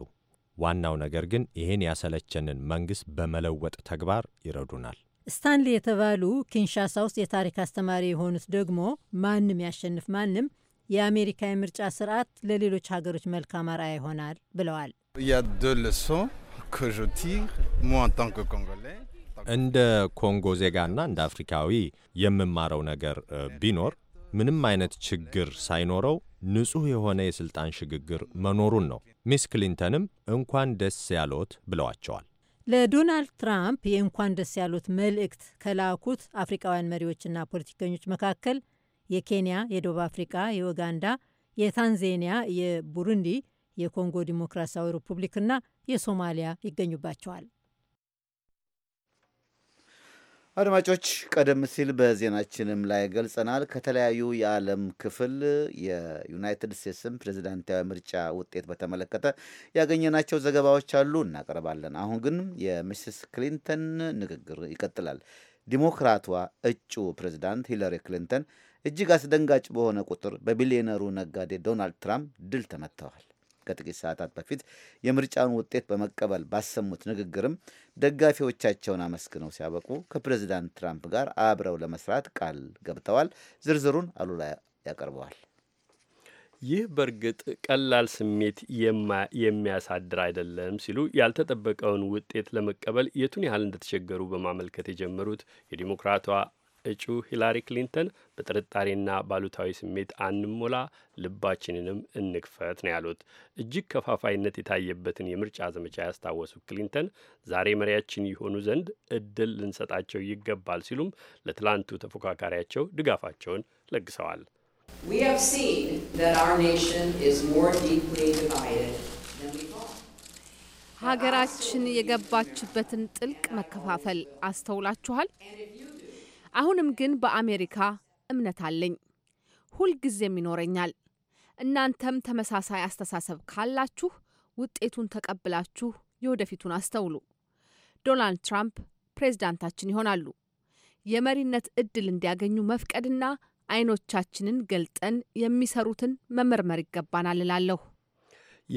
ዋናው ነገር ግን ይህን ያሰለቸንን መንግሥት በመለወጥ ተግባር ይረዱናል። ስታንሊ የተባሉ ኪንሻሳ ውስጥ የታሪክ አስተማሪ የሆኑት ደግሞ ማንም ያሸንፍ ማንም የአሜሪካ የምርጫ ስርዓት ለሌሎች ሀገሮች መልካም አርአያ ይሆናል ብለዋል። እንደ ኮንጎ ዜጋና እንደ አፍሪካዊ የምማረው ነገር ቢኖር ምንም አይነት ችግር ሳይኖረው ንጹህ የሆነ የሥልጣን ሽግግር መኖሩን ነው። ሚስ ክሊንተንም እንኳን ደስ ያሎት ብለዋቸዋል። ለዶናልድ ትራምፕ የእንኳን ደስ ያሉት መልእክት ከላኩት አፍሪካውያን መሪዎችና ፖለቲከኞች መካከል የኬንያ፣ የደቡብ አፍሪካ፣ የኡጋንዳ፣ የታንዜኒያ፣ የቡሩንዲ፣ የኮንጎ ዲሞክራሲያዊ ሪፑብሊክና የሶማሊያ ይገኙባቸዋል። አድማጮች ቀደም ሲል በዜናችንም ላይ ገልጸናል። ከተለያዩ የዓለም ክፍል የዩናይትድ ስቴትስን ፕሬዚዳንታዊ ምርጫ ውጤት በተመለከተ ያገኘናቸው ዘገባዎች አሉ፣ እናቀርባለን። አሁን ግን የሚስስ ክሊንተን ንግግር ይቀጥላል። ዲሞክራቷ እጩ ፕሬዚዳንት ሂለሪ ክሊንተን እጅግ አስደንጋጭ በሆነ ቁጥር በቢሊዮነሩ ነጋዴ ዶናልድ ትራምፕ ድል ተመትተዋል። ከጥቂት ሰዓታት በፊት የምርጫውን ውጤት በመቀበል ባሰሙት ንግግርም ደጋፊዎቻቸውን አመስግነው ሲያበቁ ከፕሬዚዳንት ትራምፕ ጋር አብረው ለመስራት ቃል ገብተዋል። ዝርዝሩን አሉላ ያቀርበዋል። ይህ በእርግጥ ቀላል ስሜት የሚያሳድር አይደለም ሲሉ ያልተጠበቀውን ውጤት ለመቀበል የቱን ያህል እንደተቸገሩ በማመልከት የጀመሩት የዲሞክራቷ እጩ ሂላሪ ክሊንተን በጥርጣሬና ባሉታዊ ስሜት አንሞላ፣ ልባችንንም እንክፈት ነው ያሉት። እጅግ ከፋፋይነት የታየበትን የምርጫ ዘመቻ ያስታወሱት ክሊንተን ዛሬ መሪያችን የሆኑ ዘንድ እድል ልንሰጣቸው ይገባል ሲሉም ለትላንቱ ተፎካካሪያቸው ድጋፋቸውን ለግሰዋል። ሀገራችን የገባችበትን ጥልቅ መከፋፈል አስተውላችኋል። አሁንም ግን በአሜሪካ እምነት አለኝ፣ ሁልጊዜም ይኖረኛል። እናንተም ተመሳሳይ አስተሳሰብ ካላችሁ ውጤቱን ተቀብላችሁ የወደፊቱን አስተውሉ። ዶናልድ ትራምፕ ፕሬዝዳንታችን ይሆናሉ። የመሪነት እድል እንዲያገኙ መፍቀድና አይኖቻችንን ገልጠን የሚሰሩትን መመርመር ይገባናል እላለሁ።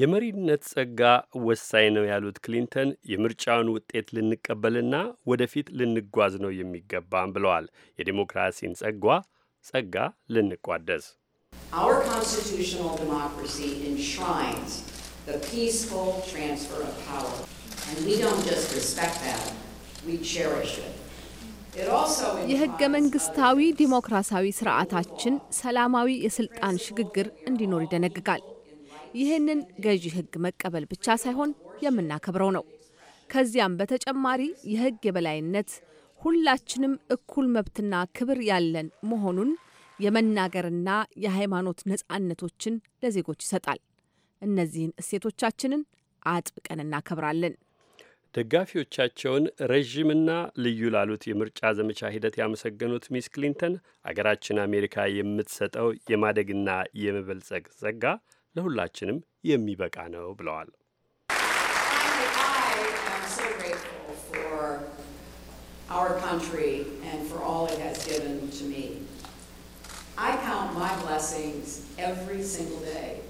የመሪነት ጸጋ ወሳኝ ነው ያሉት ክሊንተን የምርጫውን ውጤት ልንቀበልና ወደፊት ልንጓዝ ነው የሚገባም ብለዋል። የዲሞክራሲን ጸጓ ጸጋ ልንቋደስ የህገ መንግስታዊ ዲሞክራሲያዊ ስርዓታችን ሰላማዊ የስልጣን ሽግግር እንዲኖር ይደነግጋል። ይህንን ገዢ ህግ መቀበል ብቻ ሳይሆን የምናከብረው ነው። ከዚያም በተጨማሪ የህግ የበላይነት ሁላችንም እኩል መብትና ክብር ያለን መሆኑን የመናገርና የሃይማኖት ነጻነቶችን ለዜጎች ይሰጣል። እነዚህን እሴቶቻችንን አጥብቀን እናከብራለን። ደጋፊዎቻቸውን ረዥምና ልዩ ላሉት የምርጫ ዘመቻ ሂደት ያመሰገኑት ሚስ ክሊንተን አገራችን አሜሪካ የምትሰጠው የማደግና የመበልጸግ ጸጋ ለሁላችንም የሚበቃ ነው ብለዋል።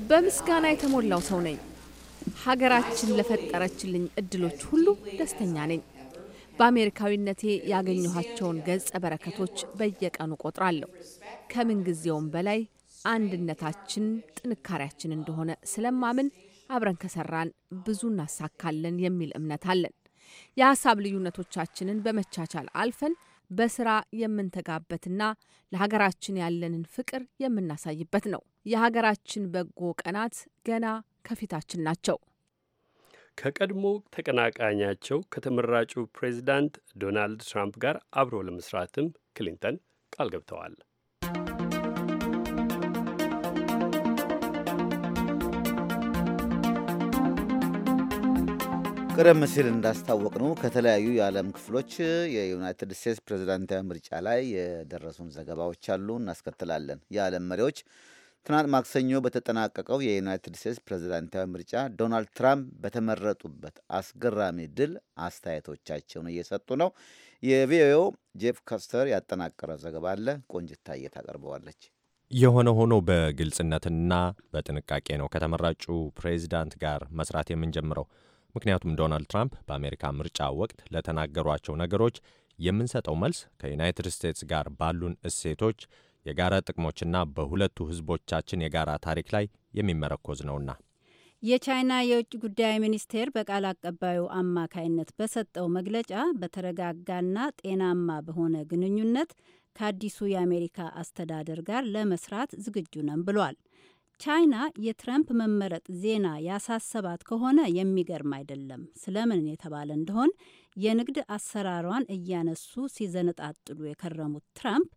በምስጋና የተሞላው ሰው ነኝ። ሀገራችን ለፈጠረችልኝ እድሎች ሁሉ ደስተኛ ነኝ። በአሜሪካዊነቴ ያገኘኋቸውን ገጸ በረከቶች በየቀኑ ቆጥራለሁ። ከምንጊዜውም በላይ አንድነታችን ጥንካሬያችን እንደሆነ ስለማምን አብረን ከሰራን ብዙ እናሳካለን የሚል እምነት አለን። የሀሳብ ልዩነቶቻችንን በመቻቻል አልፈን በስራ የምንተጋበትና ለሀገራችን ያለንን ፍቅር የምናሳይበት ነው። የሀገራችን በጎ ቀናት ገና ከፊታችን ናቸው። ከቀድሞ ተቀናቃኛቸው ከተመራጩ ፕሬዚዳንት ዶናልድ ትራምፕ ጋር አብሮ ለመስራትም ክሊንተን ቃል ገብተዋል። ቀደም ሲል ነው ከተለያዩ የዓለም ክፍሎች የዩናይትድ ስቴትስ ፕሬዝዳንታዊ ምርጫ ላይ የደረሱን ዘገባዎች አሉ፣ እናስከትላለን። የዓለም መሪዎች ትናንት ማክሰኞ በተጠናቀቀው የዩናይትድ ስቴትስ ፕሬዝዳንታዊ ምርጫ ዶናልድ ትራምፕ በተመረጡበት አስገራሚ ድል አስተያየቶቻቸውን እየሰጡ ነው። የቪኦኤው ጄፍ ከስተር ያጠናቀረ ዘገባ አለ። ቆንጅታየ ታቀርበዋለች። የሆነ ሆኖ በግልጽነትና በጥንቃቄ ነው ከተመራጩ ፕሬዚዳንት ጋር መስራት የምንጀምረው። ምክንያቱም ዶናልድ ትራምፕ በአሜሪካ ምርጫ ወቅት ለተናገሯቸው ነገሮች የምንሰጠው መልስ ከዩናይትድ ስቴትስ ጋር ባሉን እሴቶች፣ የጋራ ጥቅሞችና በሁለቱ ህዝቦቻችን የጋራ ታሪክ ላይ የሚመረኮዝ ነውና። የቻይና የውጭ ጉዳይ ሚኒስቴር በቃል አቀባዩ አማካይነት በሰጠው መግለጫ በተረጋጋና ጤናማ በሆነ ግንኙነት ከአዲሱ የአሜሪካ አስተዳደር ጋር ለመስራት ዝግጁ ነን ብሏል። ቻይና የትረምፕ መመረጥ ዜና ያሳሰባት ከሆነ የሚገርም አይደለም። ስለምን የተባለ እንደሆን የንግድ አሰራሯን እያነሱ ሲዘነጣጥሉ የከረሙት ትራምፕ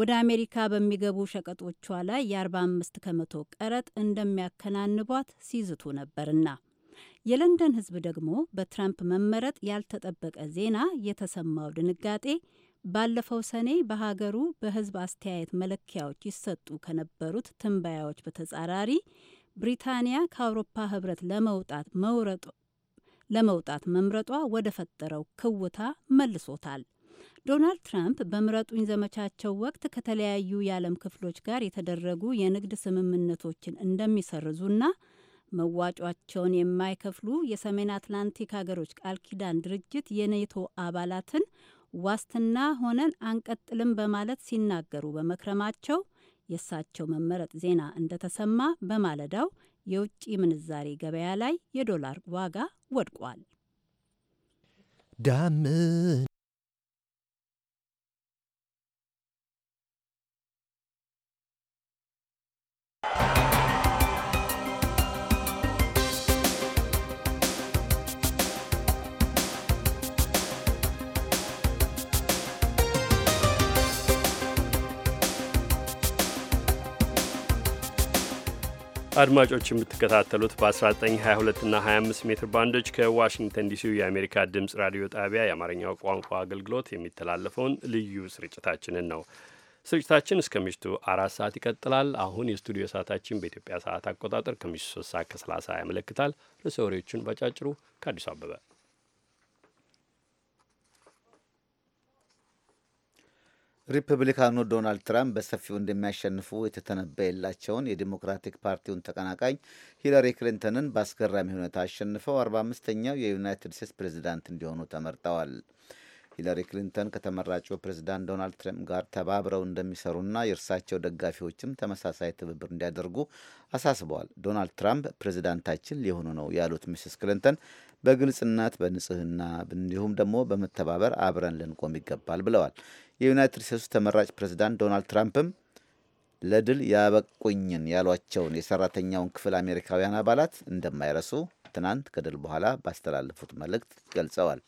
ወደ አሜሪካ በሚገቡ ሸቀጦቿ ላይ የ45 ከመቶ ቀረጥ እንደሚያከናንቧት ሲዝቱ ነበርና የለንደን ሕዝብ ደግሞ በትራምፕ መመረጥ ያልተጠበቀ ዜና የተሰማው ድንጋጤ ባለፈው ሰኔ በሀገሩ በህዝብ አስተያየት መለኪያዎች ይሰጡ ከነበሩት ትንበያዎች በተጻራሪ ብሪታንያ ከአውሮፓ ህብረት ለመውጣት ለመውጣት መምረጧ ወደ ፈጠረው ክውታ መልሶታል። ዶናልድ ትራምፕ በምረጡኝ ዘመቻቸው ወቅት ከተለያዩ የዓለም ክፍሎች ጋር የተደረጉ የንግድ ስምምነቶችን እንደሚሰርዙና መዋጯቸውን የማይከፍሉ የሰሜን አትላንቲክ ሀገሮች ቃል ኪዳን ድርጅት የኔቶ አባላትን ዋስትና ሆነን አንቀጥልም በማለት ሲናገሩ በመክረማቸው የእሳቸው መመረጥ ዜና እንደተሰማ በማለዳው የውጭ ምንዛሬ ገበያ ላይ የዶላር ዋጋ ወድቋል። ዳምን አድማጮች የምትከታተሉት በ1922 እና 25 ሜትር ባንዶች ከዋሽንግተን ዲሲው የአሜሪካ ድምፅ ራዲዮ ጣቢያ የአማርኛው ቋንቋ አገልግሎት የሚተላለፈውን ልዩ ስርጭታችንን ነው። ስርጭታችን እስከ ምሽቱ አራት ሰዓት ይቀጥላል። አሁን የስቱዲዮ ሰዓታችን በኢትዮጵያ ሰዓት አቆጣጠር ከምሽቱ 3 ሰዓት ከ30 ያመለክታል። ርዕሰ ወሬዎቹን ባጫጭሩ ከአዲሱ አበበ ሪፐብሊካኑ ዶናልድ ትራምፕ በሰፊው እንደሚያሸንፉ የተተነበየላቸውን የዲሞክራቲክ ፓርቲውን ተቀናቃኝ ሂላሪ ክሊንተንን በአስገራሚ ሁኔታ አሸንፈው አርባ ኛው የዩናይትድ ስቴትስ ፕሬዚዳንት እንዲሆኑ ተመርጠዋል። ሂለሪ ክሊንተን ከተመራጩ ፕሬዚዳንት ዶናልድ ትራምፕ ጋር ተባብረው እንደሚሰሩና የእርሳቸው ደጋፊዎችም ተመሳሳይ ትብብር እንዲያደርጉ አሳስበዋል። ዶናልድ ትራምፕ ፕሬዚዳንታችን ሊሆኑ ነው ያሉት ሚስስ ክሊንተን በግልጽነት፣ በንጽህና እንዲሁም ደግሞ በመተባበር አብረን ልንቆም ይገባል ብለዋል። የዩናይትድ ስቴትስ ተመራጭ ፕሬዚዳንት ዶናልድ ትራምፕም ለድል ያበቁኝን ያሏቸውን የሰራተኛውን ክፍል አሜሪካውያን አባላት እንደማይረሱ ትናንት ከድል በኋላ ባስተላለፉት መልእክት ገልጸዋል።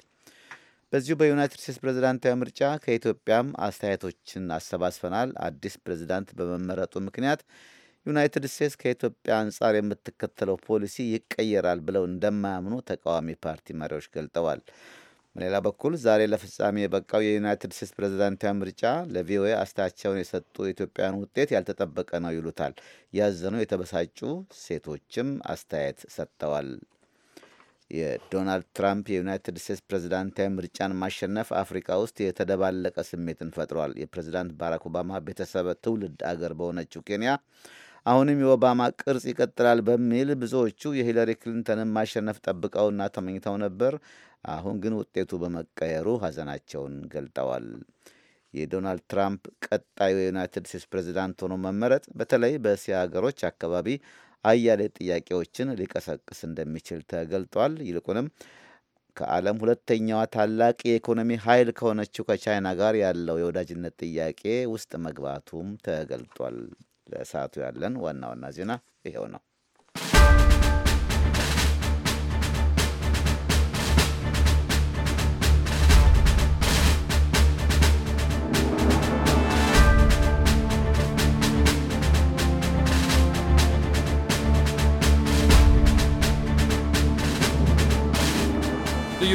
በዚሁ በዩናይትድ ስቴትስ ፕሬዚዳንታዊ ምርጫ ከኢትዮጵያም አስተያየቶችን አሰባስበናል። አዲስ ፕሬዚዳንት በመመረጡ ምክንያት ዩናይትድ ስቴትስ ከኢትዮጵያ አንጻር የምትከተለው ፖሊሲ ይቀየራል ብለው እንደማያምኑ ተቃዋሚ ፓርቲ መሪዎች ገልጠዋል። በሌላ በኩል ዛሬ ለፍጻሜ የበቃው የዩናይትድ ስቴትስ ፕሬዝዳንታዊ ምርጫ ለቪኦኤ አስተያየታቸውን የሰጡ ኢትዮጵያውያን ውጤት ያልተጠበቀ ነው ይሉታል። ያዘኑ፣ የተበሳጩ ሴቶችም አስተያየት ሰጥተዋል። የዶናልድ ትራምፕ የዩናይትድ ስቴትስ ፕሬዚዳንታዊ ምርጫን ማሸነፍ አፍሪካ ውስጥ የተደባለቀ ስሜትን ፈጥሯል። የፕሬዝዳንት ባራክ ኦባማ ቤተሰብ ትውልድ አገር በሆነችው ኬንያ አሁንም የኦባማ ቅርጽ ይቀጥላል በሚል ብዙዎቹ የሂለሪ ክሊንተንን ማሸነፍ ጠብቀውና ተመኝተው ነበር። አሁን ግን ውጤቱ በመቀየሩ ሀዘናቸውን ገልጠዋል። የዶናልድ ትራምፕ ቀጣዩ የዩናይትድ ስቴትስ ፕሬዚዳንት ሆኖ መመረጥ በተለይ በእስያ ሀገሮች አካባቢ አያሌ ጥያቄዎችን ሊቀሰቅስ እንደሚችል ተገልጧል። ይልቁንም ከዓለም ሁለተኛዋ ታላቅ የኢኮኖሚ ኃይል ከሆነችው ከቻይና ጋር ያለው የወዳጅነት ጥያቄ ውስጥ መግባቱም ተገልጧል። ለሰዓቱ ያለን ዋና ዋና ዜና ይኸው ነው።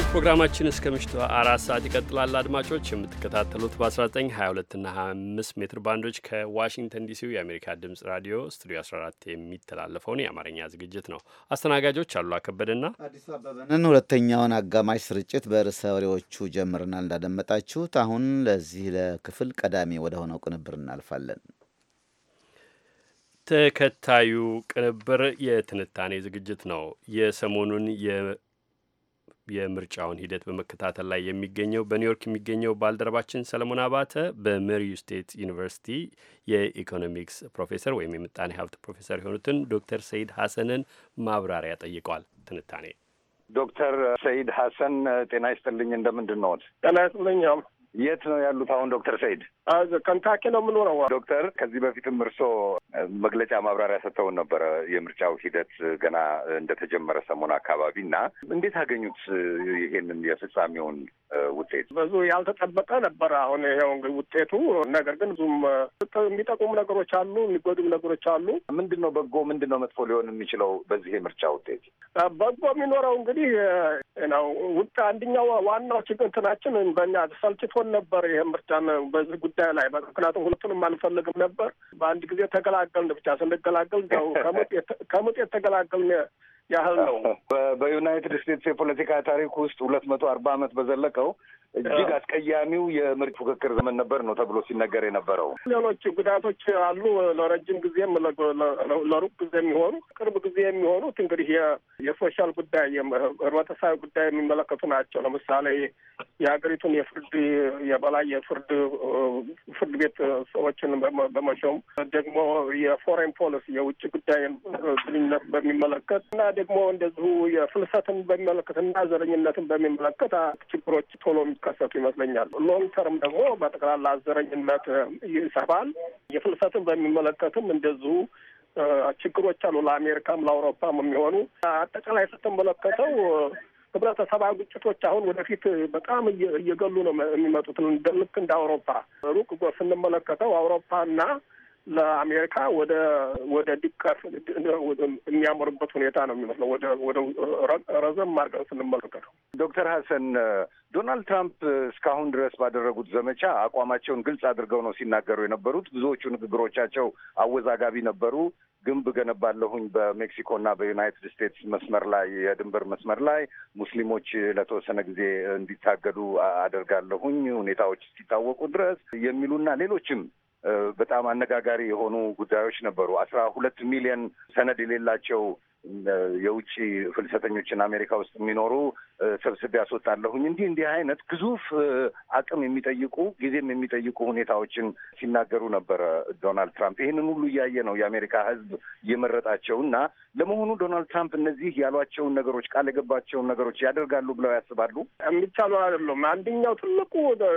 ዝግጅት ፕሮግራማችን እስከ ምሽቱ አራት ሰዓት ይቀጥላል። አድማጮች የምትከታተሉት በ1922 እና 25 ሜትር ባንዶች ከዋሽንግተን ዲሲው የአሜሪካ ድምፅ ራዲዮ ስቱዲዮ 14 የሚተላለፈውን የአማርኛ ዝግጅት ነው። አስተናጋጆች አሉላ አከበደና አዲስ አበበንን ሁለተኛውን አጋማሽ ስርጭት በርዕሰ ወሬዎቹ ጀምረናል። እንዳደመጣችሁት አሁን ለዚህ ለክፍል ቀዳሚ ሆነው ቅንብር እናልፋለን። ተከታዩ ቅንብር የትንታኔ ዝግጅት ነው። የሰሞኑን የምርጫውን ሂደት በመከታተል ላይ የሚገኘው በኒውዮርክ የሚገኘው ባልደረባችን ሰለሞን አባተ በሜሪ ስቴት ዩኒቨርሲቲ የኢኮኖሚክስ ፕሮፌሰር ወይም የምጣኔ ሀብት ፕሮፌሰር የሆኑትን ዶክተር ሰይድ ሀሰንን ማብራሪያ ጠይቋል። ትንታኔ ዶክተር ሰይድ ሀሰን ጤና ይስጥልኝ። እንደምንድን ነዎት? ጤና ይስጥልኝ። የት ነው ያሉት አሁን ዶክተር ሰይድ? ከንታኪ ነው የምኖረው። ዶክተር ከዚህ በፊትም እርስዎ መግለጫ ማብራሪያ ሰጥተውን ነበረ የምርጫው ሂደት ገና እንደተጀመረ ሰሞን አካባቢ እና እንዴት አገኙት ይሄንን የፍጻሜውን ውጤት? ብዙ ያልተጠበቀ ነበረ። አሁን ይሄው እንግዲህ ውጤቱ ነገር ግን ብዙም የሚጠቁም ነገሮች አሉ፣ የሚጎዱም ነገሮች አሉ። ምንድን ነው በጎ፣ ምንድን ነው መጥፎ ሊሆን የሚችለው በዚህ የምርጫ ውጤት? በጎ የሚኖረው እንግዲህ ነው ውጥ ዋናው ችግር እንትናችን በእኛ ሰልችቶ ብሎን ነበር ይህም ምርጫ በዚህ ጉዳይ ላይ ምክንያቱም ሁለቱንም አንፈልግም ነበር። በአንድ ጊዜ ተገላገልን። ብቻ ስንገላገል ው ከምጥ የተገላገልን ያህል ነው። በዩናይትድ ስቴትስ የፖለቲካ ታሪክ ውስጥ ሁለት መቶ አርባ ዓመት በዘለቀው እጅግ አስቀያሚው የምርጫ ፉክክር ዘመን ነበር ነው ተብሎ ሲነገር የነበረው። ሌሎች ጉዳቶች አሉ። ለረጅም ጊዜም ለሩቅ ጊዜ የሚሆኑ ቅርብ ጊዜ የሚሆኑት እንግዲህ የሶሻል ጉዳይ ህብረተሰብ ጉዳይ የሚመለከቱ ናቸው። ለምሳሌ የሀገሪቱን የፍርድ የበላይ የፍርድ ፍርድ ቤት ሰዎችን በመሾም ደግሞ የፎሬን ፖሊሲ የውጭ ጉዳይ ግንኙነት በሚመለከት እና ደግሞ እንደዚሁ የፍልሰትን በሚመለከት እና ዘረኝነትን በሚመለከት ችግሮች ቶሎ የሚከሰቱ ይመስለኛል። ሎንግ ተርም ደግሞ በጠቅላላ ዘረኝነት ይሰፋል። የፍልሰትን በሚመለከትም እንደዚሁ ችግሮች አሉ። ለአሜሪካም ለአውሮፓም የሚሆኑ አጠቃላይ ስትመለከተው ህብረተሰባዊ ግጭቶች አሁን ወደፊት በጣም እየገሉ ነው የሚመጡት። ልክ እንደ አውሮፓ ሩቅ ስንመለከተው አውሮፓና ለአሜሪካ ወደ ወደ ድቀት የሚያምርበት ሁኔታ ነው የሚመስለው። ወደ ወደ ረዘም አድርገን ስንመለከተው ዶክተር ሀሰን ዶናልድ ትራምፕ እስካሁን ድረስ ባደረጉት ዘመቻ አቋማቸውን ግልጽ አድርገው ነው ሲናገሩ የነበሩት። ብዙዎቹ ንግግሮቻቸው አወዛጋቢ ነበሩ። ግንብ ገነባለሁኝ በሜክሲኮ እና በዩናይትድ ስቴትስ መስመር ላይ የድንበር መስመር ላይ ሙስሊሞች ለተወሰነ ጊዜ እንዲታገዱ አደርጋለሁኝ ሁኔታዎች እስኪታወቁ ድረስ የሚሉና ሌሎችም በጣም አነጋጋሪ የሆኑ ጉዳዮች ነበሩ። አስራ ሁለት ሚሊዮን ሰነድ የሌላቸው የውጭ ፍልሰተኞችን አሜሪካ ውስጥ የሚኖሩ ሰብስቤ ያስወጣለሁኝ። እንዲህ እንዲህ አይነት ግዙፍ አቅም የሚጠይቁ ጊዜም የሚጠይቁ ሁኔታዎችን ሲናገሩ ነበረ ዶናልድ ትራምፕ። ይህንን ሁሉ እያየ ነው የአሜሪካ ሕዝብ የመረጣቸው እና ለመሆኑ ዶናልድ ትራምፕ እነዚህ ያሏቸውን ነገሮች ቃል የገባቸውን ነገሮች ያደርጋሉ ብለው ያስባሉ? የሚቻሉ አይደለም። አንደኛው ትልቁ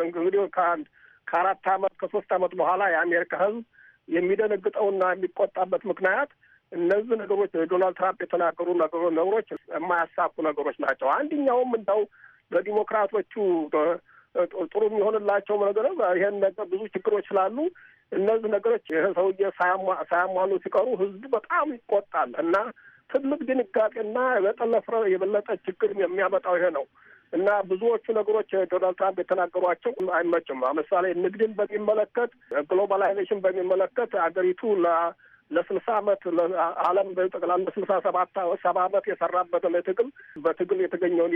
እንግዲህ ከአንድ ከአራት አመት ከሶስት አመት በኋላ የአሜሪካ ህዝብ የሚደነግጠውና የሚቆጣበት ምክንያት እነዚህ ነገሮች ዶናልድ ትራምፕ የተናገሩ ነገሮች የማያሳኩ ነገሮች ናቸው። አንድኛውም እንደው ለዲሞክራቶቹ ጥሩ የሚሆንላቸው ነገር ይሄን ነገር ብዙ ችግሮች ስላሉ እነዚህ ነገሮች ይህ ሰውዬ ሳያሟሉ ሲቀሩ ህዝቡ በጣም ይቆጣል እና ትልቅ ድንጋጤና የበለጠ ችግር የሚያመጣው ይሄ ነው። እና ብዙዎቹ ነገሮች ዶናልድ ትራምፕ የተናገሯቸው አይመጭም። ምሳሌ ንግድን በሚመለከት ግሎባላይዜሽን በሚመለከት አገሪቱ ለስልሳ አመት ዓለም በጠቅላላ ለስልሳ ሰባት ሰባ አመት የሰራበትን ትግል በትግል የተገኘውን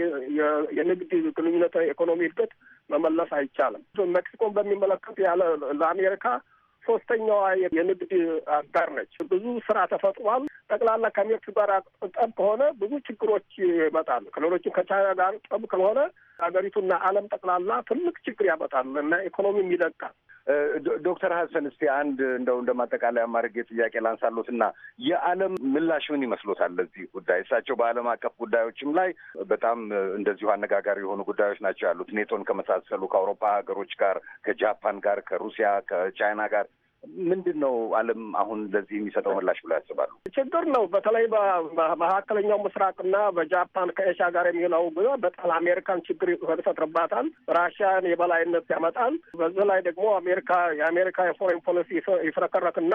የንግድ ግንኙነት ኢኮኖሚ እድገት መመለስ አይቻልም። ሜክሲኮን በሚመለከት ያለ ለአሜሪካ ሶስተኛዋ የንግድ አጋር ነች። ብዙ ስራ ተፈጥሯል። ጠቅላላ ከሜክሲኮ ጋር ጠብ ከሆነ ብዙ ችግሮች ይመጣሉ። ከሌሎችም ከቻይና ጋር ጠብ ከሆነ ሀገሪቱና ዓለም ጠቅላላ ትልቅ ችግር ያመጣል እና ኢኮኖሚም ይለቃል። ዶክተር ሀሰን እስቲ አንድ እንደው እንደ ማጠቃለያ ማድረግ ጥያቄ ላንሳሎት እና የዓለም ምላሽ ምን ይመስሎታል ለዚህ ጉዳይ? እሳቸው በዓለም አቀፍ ጉዳዮችም ላይ በጣም እንደዚሁ አነጋጋሪ የሆኑ ጉዳዮች ናቸው ያሉት ኔቶን ከመሳሰሉ ከአውሮፓ ሀገሮች ጋር ከጃፓን ጋር ከሩሲያ ከቻይና ጋር ምንድን ነው ዓለም አሁን ለዚህ የሚሰጠው ምላሽ ብሎ ያስባሉ? ችግር ነው። በተለይ በመካከለኛው ምስራቅና በጃፓን ከኤሻ ጋር የሚለው በጣም አሜሪካን ችግር ይፈጥርባታል። ራሽያን የበላይነት ያመጣል። በዚህ ላይ ደግሞ አሜሪካ የአሜሪካ የፎሬን ፖሊሲ ይፍረከረክና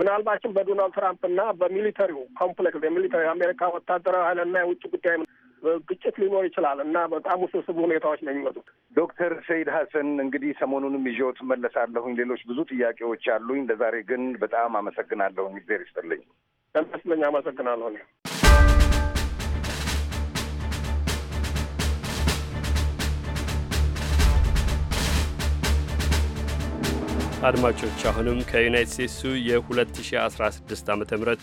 ምናልባችም በዶናልድ ትራምፕና በሚሊተሪው ኮምፕሌክስ የሚሊተሪ የአሜሪካ ወታደራዊ ኃይልና የውጭ ጉዳይ ግጭት ሊኖር ይችላል እና በጣም ውስብስብ ሁኔታዎች ነው የሚመጡት። ዶክተር ሰይድ ሀሰን እንግዲህ ሰሞኑንም ይዤው መለሳለሁኝ። ሌሎች ብዙ ጥያቄዎች አሉኝ። ለዛሬ ግን በጣም አመሰግናለሁኝ። እግዜር ይስጥልኝ። ለመስለኝ አመሰግናለሁ። አድማጮች አሁንም ከዩናይት ስቴትሱ የ2016 ዓ ም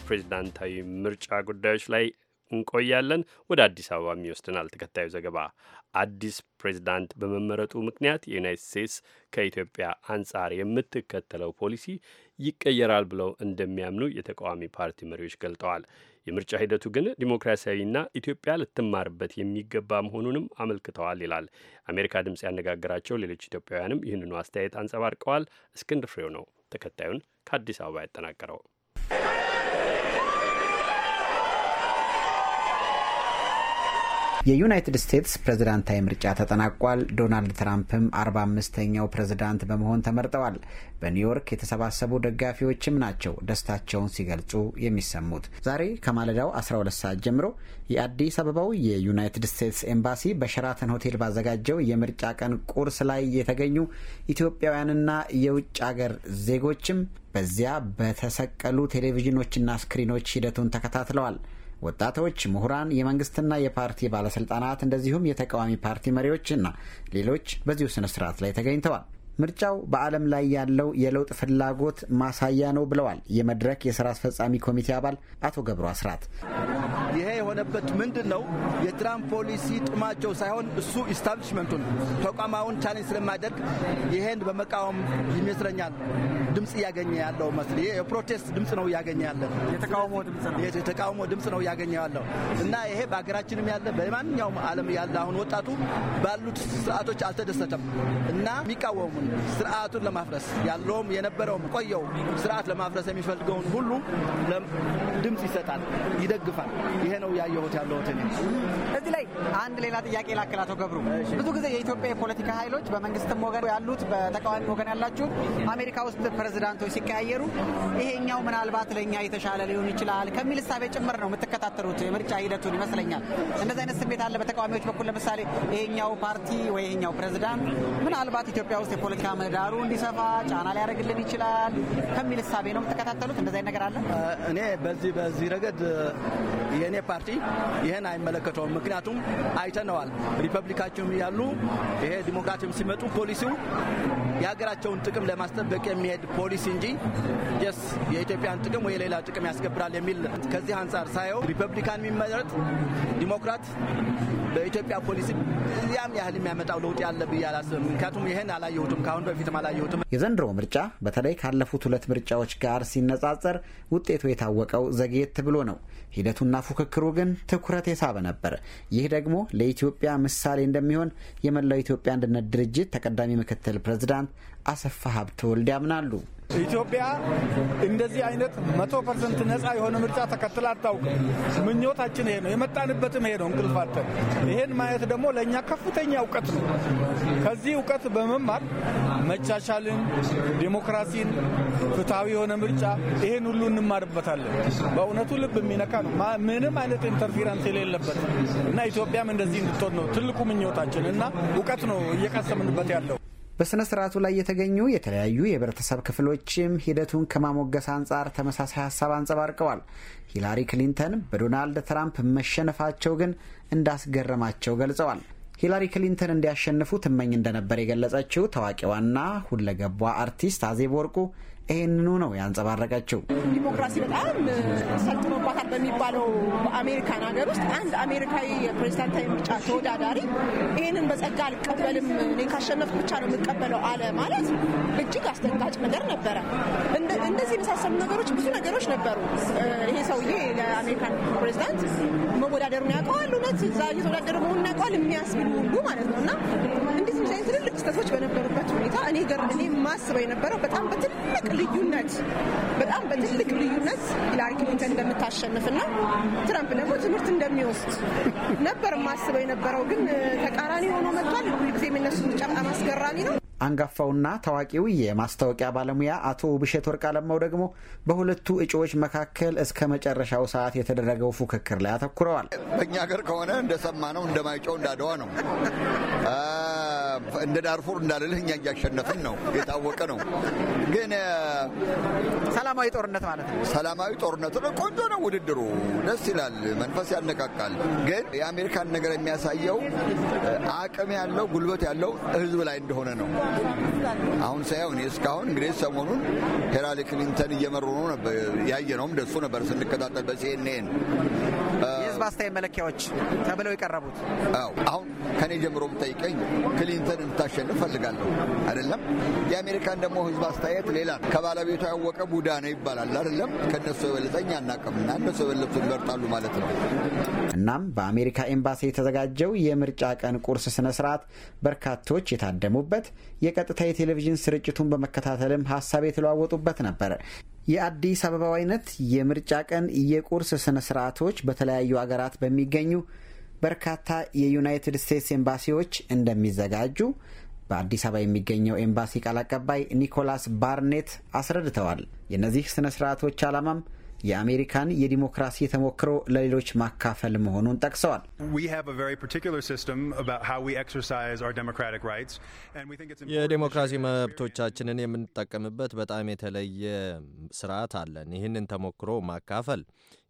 ፕሬዚዳንታዊ ምርጫ ጉዳዮች ላይ እንቆያለን። ወደ አዲስ አበባም ይወስደናል ተከታዩ ዘገባ። አዲስ ፕሬዚዳንት በመመረጡ ምክንያት የዩናይትድ ስቴትስ ከኢትዮጵያ አንጻር የምትከተለው ፖሊሲ ይቀየራል ብለው እንደሚያምኑ የተቃዋሚ ፓርቲ መሪዎች ገልጠዋል። የምርጫ ሂደቱ ግን ዲሞክራሲያዊና ኢትዮጵያ ልትማርበት የሚገባ መሆኑንም አመልክተዋል ይላል። አሜሪካ ድምፅ ያነጋገራቸው ሌሎች ኢትዮጵያውያንም ይህንኑ አስተያየት አንጸባርቀዋል። እስክንድር ፍሬው ነው ተከታዩን ከአዲስ አበባ ያጠናቀረው። የዩናይትድ ስቴትስ ፕሬዝዳንታዊ ምርጫ ተጠናቋል። ዶናልድ ትራምፕም አርባ አምስተኛው ፕሬዝዳንት በመሆን ተመርጠዋል። በኒውዮርክ የተሰባሰቡ ደጋፊዎችም ናቸው ደስታቸውን ሲገልጹ የሚሰሙት። ዛሬ ከማለዳው 12 ሰዓት ጀምሮ የአዲስ አበባው የዩናይትድ ስቴትስ ኤምባሲ በሸራተን ሆቴል ባዘጋጀው የምርጫ ቀን ቁርስ ላይ የተገኙ ኢትዮጵያውያንና የውጭ አገር ዜጎችም በዚያ በተሰቀሉ ቴሌቪዥኖችና ስክሪኖች ሂደቱን ተከታትለዋል። ወጣቶች፣ ምሁራን፣ የመንግስትና የፓርቲ ባለስልጣናት እንደዚሁም የተቃዋሚ ፓርቲ መሪዎችና ሌሎች በዚሁ ስነ ስርዓት ላይ ተገኝተዋል። ምርጫው በዓለም ላይ ያለው የለውጥ ፍላጎት ማሳያ ነው ብለዋል የመድረክ የስራ አስፈጻሚ ኮሚቴ አባል አቶ ገብሩ አስራት። ይሄ የሆነበት ምንድን ነው? የትራምፕ ፖሊሲ ጥማቸው ሳይሆን እሱ ኢስታብሊሽመንቱን ተቋማውን ቻሌንጅ ስለማያደርግ ይሄን በመቃወም ይመስለኛል ድምፅ እያገኘ ያለው መስል የፕሮቴስት ድምፅ ነው እያገኘ ያለን የተቃውሞ ድምፅ ነው እያገኘ ያለው እና ይሄ በሀገራችንም ያለ በማንኛውም ዓለም ያለ አሁን ወጣቱ ባሉት ስርዓቶች አልተደሰተም እና የሚቃወሙን ስርዓቱን ለማፍረስ ያለውም የነበረውም ቆየው ስርዓት ለማፍረስ የሚፈልገውን ሁሉ ድምፅ ይሰጣል፣ ይደግፋል። ይሄ ነው እያየሁት ያለሁት እኔ። እዚህ ላይ አንድ ሌላ ጥያቄ ላክል። አቶ ገብሩ ብዙ ጊዜ የኢትዮጵያ የፖለቲካ ኃይሎች በመንግስትም ወገን ያሉት፣ በተቃዋሚ ወገን ያላችሁ አሜሪካ ውስጥ ፕሬዚዳንቶች ሲቀያየሩ ይሄኛው ምናልባት ለእኛ የተሻለ ሊሆን ይችላል ከሚል እሳቤ ጭምር ነው የምትከታተሉት የምርጫ ሂደቱን ይመስለኛል። እንደዚህ አይነት ስሜት አለ በተቃዋሚዎች በኩል ለምሳሌ ይሄኛው ፓርቲ ወይ ይሄኛው ፕሬዚዳንት ምናልባት ኢትዮጵያ ውስጥ የፖለቲካ ምህዳሩ እንዲሰፋ ጫና ሊያደርግልን ይችላል ከሚል እሳቤ ነው የምትከታተሉት? እንደዚህ አይነት ነገር አለ? እኔ በዚህ በዚህ ረገድ የእኔ ፓርቲ ፓርቲ ይህን አይመለከተውም። ምክንያቱም አይተነዋል። ሪፐብሊካቸውም ያሉ ይሄ ዲሞክራቲም ሲመጡ ፖሊሲው የሀገራቸውን ጥቅም ለማስጠበቅ የሚሄድ ፖሊሲ እንጂ ስ የኢትዮጵያን ጥቅም ወይ ሌላ ጥቅም ያስገብራል የሚል ከዚህ አንጻር ሳየው ሪፐብሊካን የሚመረጥ ዲሞክራት በኢትዮጵያ ፖሊሲ ያም ያህል የሚያመጣው ለውጥ ያለ ብዬ አላስብም። ምክንያቱም ይህን አላየሁትም፣ ከአሁን በፊትም አላየሁትም። የዘንድሮ ምርጫ በተለይ ካለፉት ሁለት ምርጫዎች ጋር ሲነጻጸር ውጤቱ የታወቀው ዘግየት ብሎ ነው። ሂደቱና ፉክክሩ ግን ትኩረት የሳበ ነበር። ይህ ደግሞ ለኢትዮጵያ ምሳሌ እንደሚሆን የመላው ኢትዮጵያ አንድነት ድርጅት ተቀዳሚ ምክትል ፕሬዝዳንት አሰፋ ሀብተወልድ ያምናሉ። ኢትዮጵያ እንደዚህ አይነት መቶ ፐርሰንት ነጻ የሆነ ምርጫ ተከትላ አታውቅም። ምኞታችን ይሄ ነው፣ የመጣንበትም ይሄ ነው። እንቅልፋተን ይሄን ማየት ደግሞ ለእኛ ከፍተኛ እውቀት ነው። ከዚህ እውቀት በመማር መቻቻልን፣ ዴሞክራሲን፣ ፍትሐዊ የሆነ ምርጫ ይሄን ሁሉ እንማርበታለን። በእውነቱ ልብ የሚነካ ነው። ምንም አይነት ኢንተርፌረንስ የሌለበት እና ኢትዮጵያም እንደዚህ እንድትሆን ነው ትልቁ ምኞታችን እና እውቀት ነው እየቀሰምንበት ያለው። በሥነ ሥርዓቱ ላይ የተገኙ የተለያዩ የህብረተሰብ ክፍሎችም ሂደቱን ከማሞገስ አንጻር ተመሳሳይ ሀሳብ አንጸባርቀዋል። ሂላሪ ክሊንተን በዶናልድ ትራምፕ መሸነፋቸው ግን እንዳስገረማቸው ገልጸዋል። ሂላሪ ክሊንተን እንዲያሸንፉ ትመኝ እንደነበር የገለጸችው ታዋቂዋና ሁለገቧ አርቲስት አዜብ ወርቁ ይህንኑ ነው ያንጸባረቀችው። ዲሞክራሲ በጣም ሰልጥኖባታል በሚባለው በአሜሪካን ሀገር ውስጥ አንድ አሜሪካዊ የፕሬዚዳንታዊ ምርጫ ተወዳዳሪ ይህንን በጸጋ አልቀበልም፣ እኔ ካሸነፍኩ ብቻ ነው የምቀበለው አለ ማለት እጅግ አስደንጋጭ ነገር ነበረ። እንደዚህ የመሳሰሉ ነገሮች ብዙ ነገሮች ነበሩ። ይሄ ሰውዬ ለአሜሪካን ፕሬዚዳንት መወዳደሩን ያውቀዋል፣ እውነት እዛ እየተወዳደረ መሆኑን ያውቀዋል የሚያስብል ሁሉ ማለት ነው እና እንደዚህ ትልልቅ ክስተቶች በነበሩበት ሁኔታ እኔ ገር እኔ ማስበው የነበረው በጣም በትልቅ ልዩነት በጣም በትልቅ ልዩነት ሂላሪ ክሊንተን እንደምታሸንፍና ትራምፕ ደግሞ ትምህርት እንደሚወስድ ነበር ማስበው የነበረው። ግን ተቃራኒ ሆኖ መጥቷል። ሁልጊዜ የሚነሱ ምርጫ አስገራሚ ነው። አንጋፋውና ታዋቂው የማስታወቂያ ባለሙያ አቶ ውብሸት ወርቅ አለማው ደግሞ በሁለቱ እጩዎች መካከል እስከ መጨረሻው ሰዓት የተደረገው ፉክክር ላይ አተኩረዋል። በእኛ ሀገር ከሆነ እንደሰማ ነው እንደማይጨው እንዳደዋ ነው። እንደ ዳርፉር እንዳልልህ እኛ እያሸነፍን ነው፣ የታወቀ ነው። ግን ሰላማዊ ጦርነት ማለት ነው። ሰላማዊ ጦርነት ነው። ቆንጆ ነው ውድድሩ፣ ደስ ይላል፣ መንፈስ ያነቃቃል። ግን የአሜሪካን ነገር የሚያሳየው አቅም ያለው ጉልበት ያለው ህዝብ ላይ እንደሆነ ነው። አሁን ሳይሆን እስካሁን እንግዲህ ሰሞኑን ሂላሪ ክሊንተን እየመሩ ነው ነበር ያየነውም ደሱ ነበር ስንከታተል በሲኤንኤን የህዝብ አስተያየት መለኪያዎች ተብለው የቀረቡት አሁን ከኔ ጀምሮ ብጠይቀኝ ክሊንተን አንተን እንድታሸንፍ ፈልጋለሁ አይደለም። የአሜሪካን ደግሞ ህዝብ አስተያየት ሌላ ከባለቤቷ ያወቀ ቡዳ ነው ይባላል አይደለም። ከእነሱ የበለጠኝ አናቅም እነሱ የበለጡ ይመርጣሉ ማለት ነው። እናም በአሜሪካ ኤምባሲ የተዘጋጀው የምርጫ ቀን ቁርስ ስነ ስርዓት በርካቶች የታደሙበት የቀጥታ የቴሌቪዥን ስርጭቱን በመከታተልም ሀሳብ የተለዋወጡበት ነበር። የአዲስ አበባው አይነት የምርጫ ቀን የቁርስ ስነ ስርዓቶች በተለያዩ አገራት በሚገኙ በርካታ የዩናይትድ ስቴትስ ኤምባሲዎች እንደሚዘጋጁ በአዲስ አበባ የሚገኘው ኤምባሲ ቃል አቀባይ ኒኮላስ ባርኔት አስረድተዋል። የእነዚህ ስነ ስርዓቶች ዓላማም የአሜሪካን የዲሞክራሲ ተሞክሮ ለሌሎች ማካፈል መሆኑን ጠቅሰዋል። የዲሞክራሲ መብቶቻችንን የምንጠቀምበት በጣም የተለየ ስርዓት አለን። ይህንን ተሞክሮ ማካፈል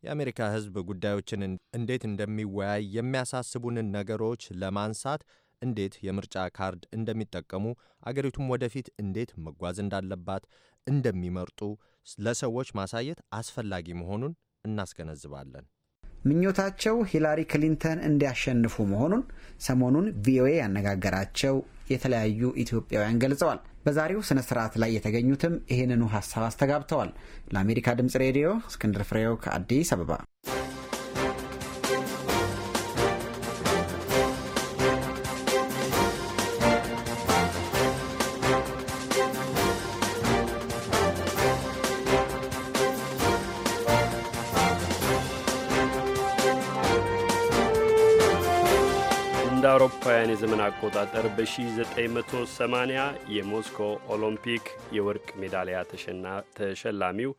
የአሜሪካ ሕዝብ ጉዳዮችን እንዴት እንደሚወያይ የሚያሳስቡንን ነገሮች ለማንሳት እንዴት የምርጫ ካርድ እንደሚጠቀሙ አገሪቱም ወደፊት እንዴት መጓዝ እንዳለባት እንደሚመርጡ ለሰዎች ማሳየት አስፈላጊ መሆኑን እናስገነዝባለን። ምኞታቸው ሂላሪ ክሊንተን እንዲያሸንፉ መሆኑን ሰሞኑን ቪኦኤ ያነጋገራቸው የተለያዩ ኢትዮጵያውያን ገልጸዋል። በዛሬው ስነ ስርዓት ላይ የተገኙትም ይህንኑ ሀሳብ አስተጋብተዋል። ለአሜሪካ ድምጽ ሬዲዮ እስክንድር ፍሬው ከአዲስ አበባ አውሮፓውያን የዘመን አቆጣጠር በ1980 የሞስኮ ኦሎምፒክ የወርቅ ሜዳሊያ ተሸላሚው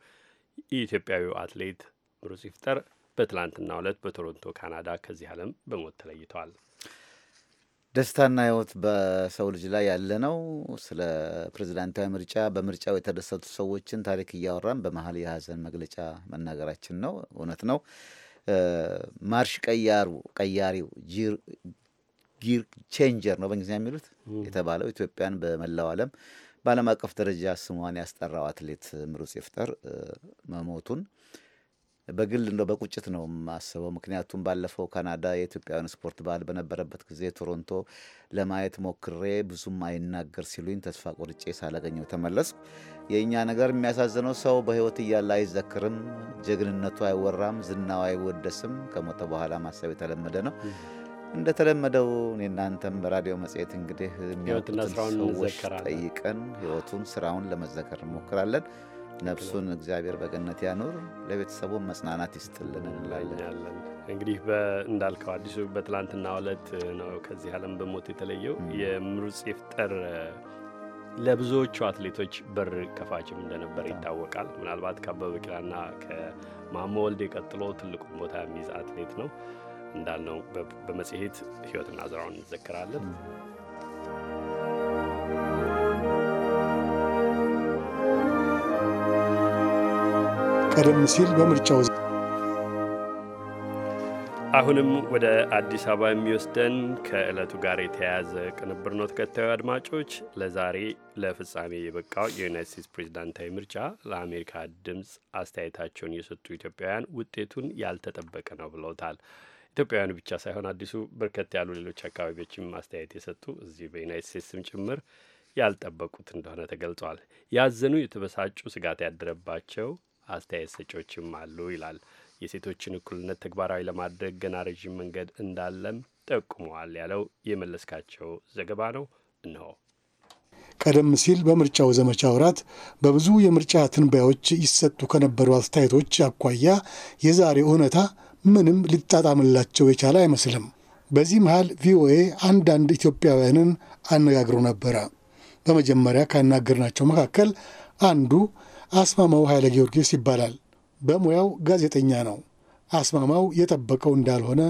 የኢትዮጵያዊው አትሌት ምሩጽ ይፍጠር በትላንትናው ዕለት በቶሮንቶ ካናዳ ከዚህ ዓለም በሞት ተለይተዋል። ደስታና ሕይወት በሰው ልጅ ላይ ያለ ነው። ስለ ፕሬዚዳንታዊ ምርጫ፣ በምርጫው የተደሰቱ ሰዎችን ታሪክ እያወራን በመሀል የሀዘን መግለጫ መናገራችን ነው። እውነት ነው። ማርሽ ቀያሩ ቀያሪው ጊር ቼንጀር ነው በእንግሊዝኛ የሚሉት የተባለው ኢትዮጵያን በመላው ዓለም በዓለም አቀፍ ደረጃ ስሟን ያስጠራው አትሌት ምሩጽ ይፍጠር መሞቱን በግል እንደው በቁጭት ነው የማስበው። ምክንያቱም ባለፈው ካናዳ የኢትዮጵያውያን ስፖርት በዓል በነበረበት ጊዜ ቶሮንቶ ለማየት ሞክሬ ብዙም አይናገር ሲሉኝ ተስፋ ቆርጬ ሳላገኘው ተመለስኩ። የእኛ ነገር የሚያሳዝነው ሰው በሕይወት እያለ አይዘክርም፣ ጀግንነቱ አይወራም፣ ዝናው አይወደስም። ከሞተ በኋላ ማሰብ የተለመደ ነው። እንደተለመደው እኔ እናንተም በራዲዮ መጽሔት እንግዲህ የሚያወጡትን ሰዎች ጠይቀን ሕይወቱን ስራውን ለመዘከር እንሞክራለን። ነፍሱን እግዚአብሔር በገነት ያኑር፣ ለቤተሰቡን መጽናናት ይስጥልን እንላለን። እንግዲህ እንዳልከው አዲሱ በትላንትና ዕለት ነው ከዚህ ዓለም በሞት የተለየው የምሩጽ ይፍጠር ለብዙዎቹ አትሌቶች በር ከፋችም እንደነበር ይታወቃል። ምናልባት ከአበበ ቢቂላና ከማሞ ወልዴ ቀጥሎ ትልቁን ቦታ የሚይዝ አትሌት ነው። እንዳልነው በመጽሔት ሕይወትና ዝራውን እንዘክራለን። ቀደም ሲል በምርጫው አሁንም ወደ አዲስ አበባ የሚወስደን ከዕለቱ ጋር የተያያዘ ቅንብር ነው። ተከታዩ አድማጮች፣ ለዛሬ ለፍጻሜ የበቃው የዩናይት ስቴትስ ፕሬዚዳንታዊ ምርጫ ለአሜሪካ ድምፅ አስተያየታቸውን የሰጡ ኢትዮጵያውያን ውጤቱን ያልተጠበቀ ነው ብለውታል። ኢትዮጵያውያኑ ብቻ ሳይሆን አዲሱ በርከት ያሉ ሌሎች አካባቢዎችም አስተያየት የሰጡ እዚህ በዩናይት ስቴትስም ጭምር ያልጠበቁት እንደሆነ ተገልጿል። ያዘኑ፣ የተበሳጩ፣ ስጋት ያደረባቸው አስተያየት ሰጪዎችም አሉ ይላል። የሴቶችን እኩልነት ተግባራዊ ለማድረግ ገና ረዥም መንገድ እንዳለም ጠቁመዋል ያለው የመለስካቸው ዘገባ ነው። እንሆ ቀደም ሲል በምርጫው ዘመቻ ወራት በብዙ የምርጫ ትንበያዎች ይሰጡ ከነበሩ አስተያየቶች አኳያ የዛሬው እውነታ ምንም ሊጣጣምላቸው የቻለ አይመስልም። በዚህ መሃል ቪኦኤ አንዳንድ ኢትዮጵያውያንን አነጋግሮ ነበረ። በመጀመሪያ ካናገርናቸው መካከል አንዱ አስማማው ኃይለ ጊዮርጊስ ይባላል። በሙያው ጋዜጠኛ ነው። አስማማው የጠበቀው እንዳልሆነ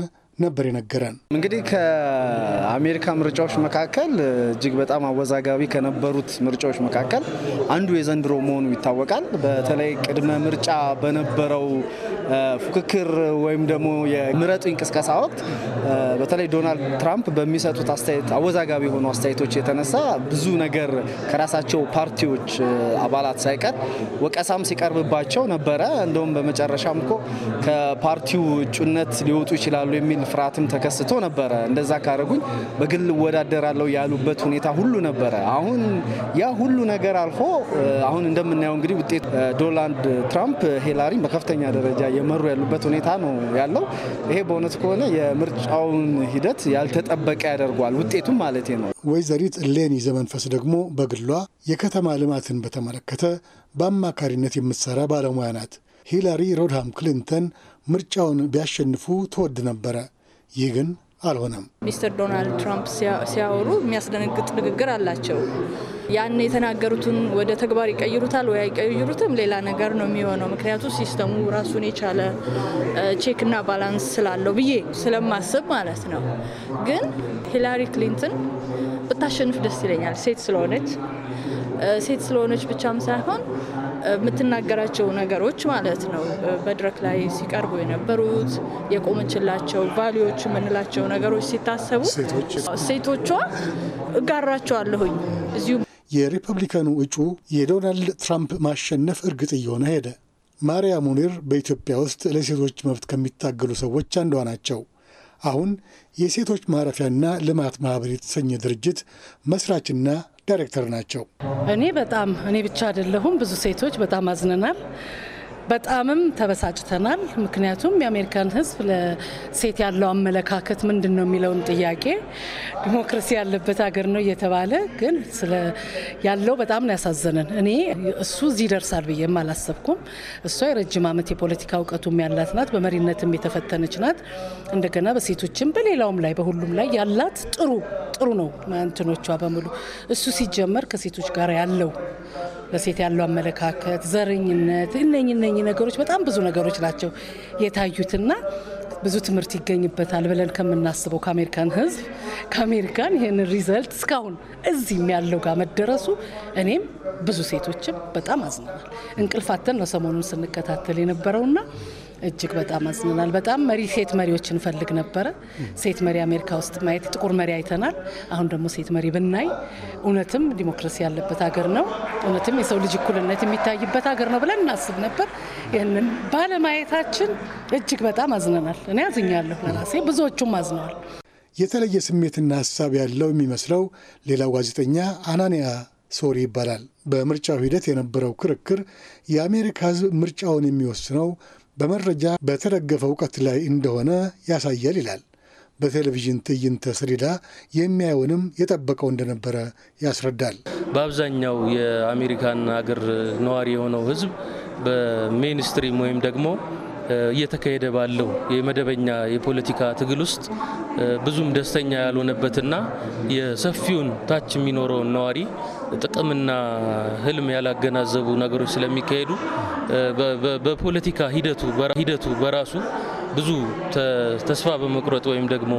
ነበር የነገረን። እንግዲህ ከአሜሪካ ምርጫዎች መካከል እጅግ በጣም አወዛጋቢ ከነበሩት ምርጫዎች መካከል አንዱ የዘንድሮ መሆኑ ይታወቃል። በተለይ ቅድመ ምርጫ በነበረው ፉክክር ወይም ደግሞ የምረጡ እንቅስቀሳ ወቅት በተለይ ዶናልድ ትራምፕ በሚሰጡት አስተያየት አወዛጋቢ የሆኑ አስተያየቶች የተነሳ ብዙ ነገር ከራሳቸው ፓርቲዎች አባላት ሳይቀር ወቀሳም ሲቀርብባቸው ነበረ። እንደውም በመጨረሻም እኮ ከፓርቲው እጩነት ሊወጡ ይችላሉ የሚል ፍርሃትም ተከስቶ ነበረ። እንደዛ ካረጉኝ በግል እወዳደራለሁ ያሉበት ሁኔታ ሁሉ ነበረ። አሁን ያ ሁሉ ነገር አልፎ አሁን እንደምናየው እንግዲህ ውጤት ዶናልድ ትራምፕ ሂላሪን በከፍተኛ ደረጃ የመሩ ያሉበት ሁኔታ ነው ያለው። ይሄ በእውነት ከሆነ የምርጫውን ሂደት ያልተጠበቀ ያደርጓል፣ ውጤቱም ማለት ነው። ወይዘሪት ሌኒ ዘመንፈስ ደግሞ በግሏ የከተማ ልማትን በተመለከተ በአማካሪነት የምትሰራ ባለሙያ ናት። ሂላሪ ሮድሃም ክሊንተን ምርጫውን ቢያሸንፉ ትወድ ነበረ። ይህ ግን አልሆነም። ሚስተር ዶናልድ ትራምፕ ሲያወሩ የሚያስደነግጥ ንግግር አላቸው። ያን የተናገሩትን ወደ ተግባር ይቀይሩታል ወይ አይቀይሩትም፣ ሌላ ነገር ነው የሚሆነው። ምክንያቱ ሲስተሙ ራሱን የቻለ ቼክና ባላንስ ስላለው ብዬ ስለማስብ ማለት ነው። ግን ሂላሪ ክሊንተን ብታሸንፍ ደስ ይለኛል፣ ሴት ስለሆነች ሴት ስለሆነች ብቻም ሳይሆን የምትናገራቸው ነገሮች ማለት ነው። መድረክ ላይ ሲቀርቡ የነበሩት የቆመችላቸው ቫሊዎች የምንላቸው ነገሮች ሲታሰቡ ሴቶቿ እጋራቸዋለሁኝ እዚሁ የሪፐብሊካኑ እጩ የዶናልድ ትራምፕ ማሸነፍ እርግጥ እየሆነ ሄደ። ማሪያ ሙኒር በኢትዮጵያ ውስጥ ለሴቶች መብት ከሚታገሉ ሰዎች አንዷ ናቸው። አሁን የሴቶች ማረፊያና ልማት ማህበር የተሰኘ ድርጅት መስራችና ዳይሬክተር ናቸው። እኔ በጣም እኔ ብቻ አይደለሁም፣ ብዙ ሴቶች በጣም አዝነናል። በጣምም ተበሳጭተናል። ምክንያቱም የአሜሪካን ሕዝብ ለሴት ያለው አመለካከት ምንድን ነው የሚለውን ጥያቄ ዲሞክራሲ ያለበት ሀገር ነው እየተባለ ግን ያለው በጣም ነው ያሳዘነን። እኔ እሱ እዚህ ደርሳል ብዬም አላሰብኩም። እሷ የረጅም ዓመት የፖለቲካ እውቀቱም ያላት ናት፣ በመሪነትም የተፈተነች ናት። እንደገና በሴቶችም በሌላውም ላይ በሁሉም ላይ ያላት ጥሩ ጥሩ ነው እንትኖቿ በሙሉ እሱ ሲጀመር ከሴቶች ጋር ያለው በሴት ያለው አመለካከት፣ ዘረኝነት፣ እነኝ እነኝ ነገሮች በጣም ብዙ ነገሮች ናቸው የታዩትና ብዙ ትምህርት ይገኝበታል ብለን ከምናስበው ከአሜሪካን ሕዝብ ከአሜሪካን ይህን ሪዘልት እስካሁን እዚህም ያለው ጋር መደረሱ እኔም ብዙ ሴቶችም በጣም አዝነናል። እንቅልፋተን ነው ሰሞኑን ስንከታተል የነበረውና እጅግ በጣም አዝነናል። በጣም መሪ ሴት መሪዎች እንፈልግ ነበረ። ሴት መሪ አሜሪካ ውስጥ ማየት ጥቁር መሪ አይተናል። አሁን ደግሞ ሴት መሪ ብናይ እውነትም ዲሞክራሲ ያለበት ሀገር ነው፣ እውነትም የሰው ልጅ እኩልነት የሚታይበት ሀገር ነው ብለን እናስብ ነበር። ይህንን ባለማየታችን እጅግ በጣም አዝነናል። እኔ አዝኛለሁ ለራሴ፣ ብዙዎቹም አዝነዋል። የተለየ ስሜትና ሀሳብ ያለው የሚመስለው ሌላው ጋዜጠኛ አናንያ ሶሪ ይባላል። በምርጫው ሂደት የነበረው ክርክር የአሜሪካ ሕዝብ ምርጫውን የሚወስነው በመረጃ በተደገፈ እውቀት ላይ እንደሆነ ያሳያል ይላል። በቴሌቪዥን ትዕይንተ ስሪዳ የሚያየውንም የጠበቀው እንደነበረ ያስረዳል። በአብዛኛው የአሜሪካን አገር ነዋሪ የሆነው ህዝብ በሜንስትሪም ወይም ደግሞ እየተካሄደ ባለው የመደበኛ የፖለቲካ ትግል ውስጥ ብዙም ደስተኛ ያልሆነበትና የሰፊውን ታች የሚኖረውን ነዋሪ ጥቅምና ህልም ያላገናዘቡ ነገሮች ስለሚካሄዱ በፖለቲካ ሂደቱ በራሱ ብዙ ተስፋ በመቁረጥ ወይም ደግሞ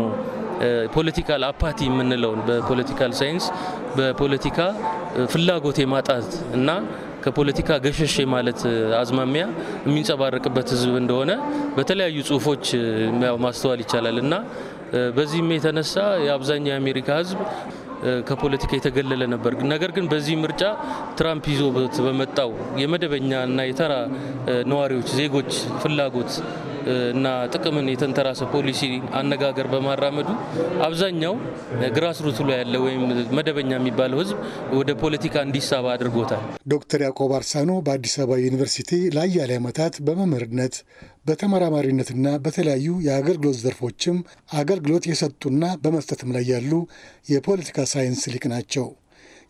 ፖለቲካል አፓቲ የምንለውን በፖለቲካል ሳይንስ በፖለቲካ ፍላጎት የማጣት እና ከፖለቲካ ገሸሽ ማለት አዝማሚያ የሚንጸባረቅበት ህዝብ እንደሆነ በተለያዩ ጽሁፎች ማስተዋል ይቻላል እና በዚህም የተነሳ የአብዛኛው የአሜሪካ ህዝብ ከፖለቲካ የተገለለ ነበር። ነገር ግን በዚህ ምርጫ ትራምፕ ይዞበት በመጣው የመደበኛ እና የተራ ነዋሪዎች ዜጎች ፍላጎት እና ጥቅምን የተንተራሰ ፖሊሲ አነጋገር በማራመዱ አብዛኛው ግራስሩቱ ላይ ያለ ወይም መደበኛ የሚባለው ሕዝብ ወደ ፖለቲካ እንዲሳባ አድርጎታል። ዶክተር ያዕቆብ አርሳኖ በአዲስ አበባ ዩኒቨርሲቲ ለአያሌ ዓመታት በመምህርነት በተመራማሪነትና በተለያዩ የአገልግሎት ዘርፎችም አገልግሎት የሰጡና በመስጠትም ላይ ያሉ የፖለቲካ ሳይንስ ሊቅ ናቸው።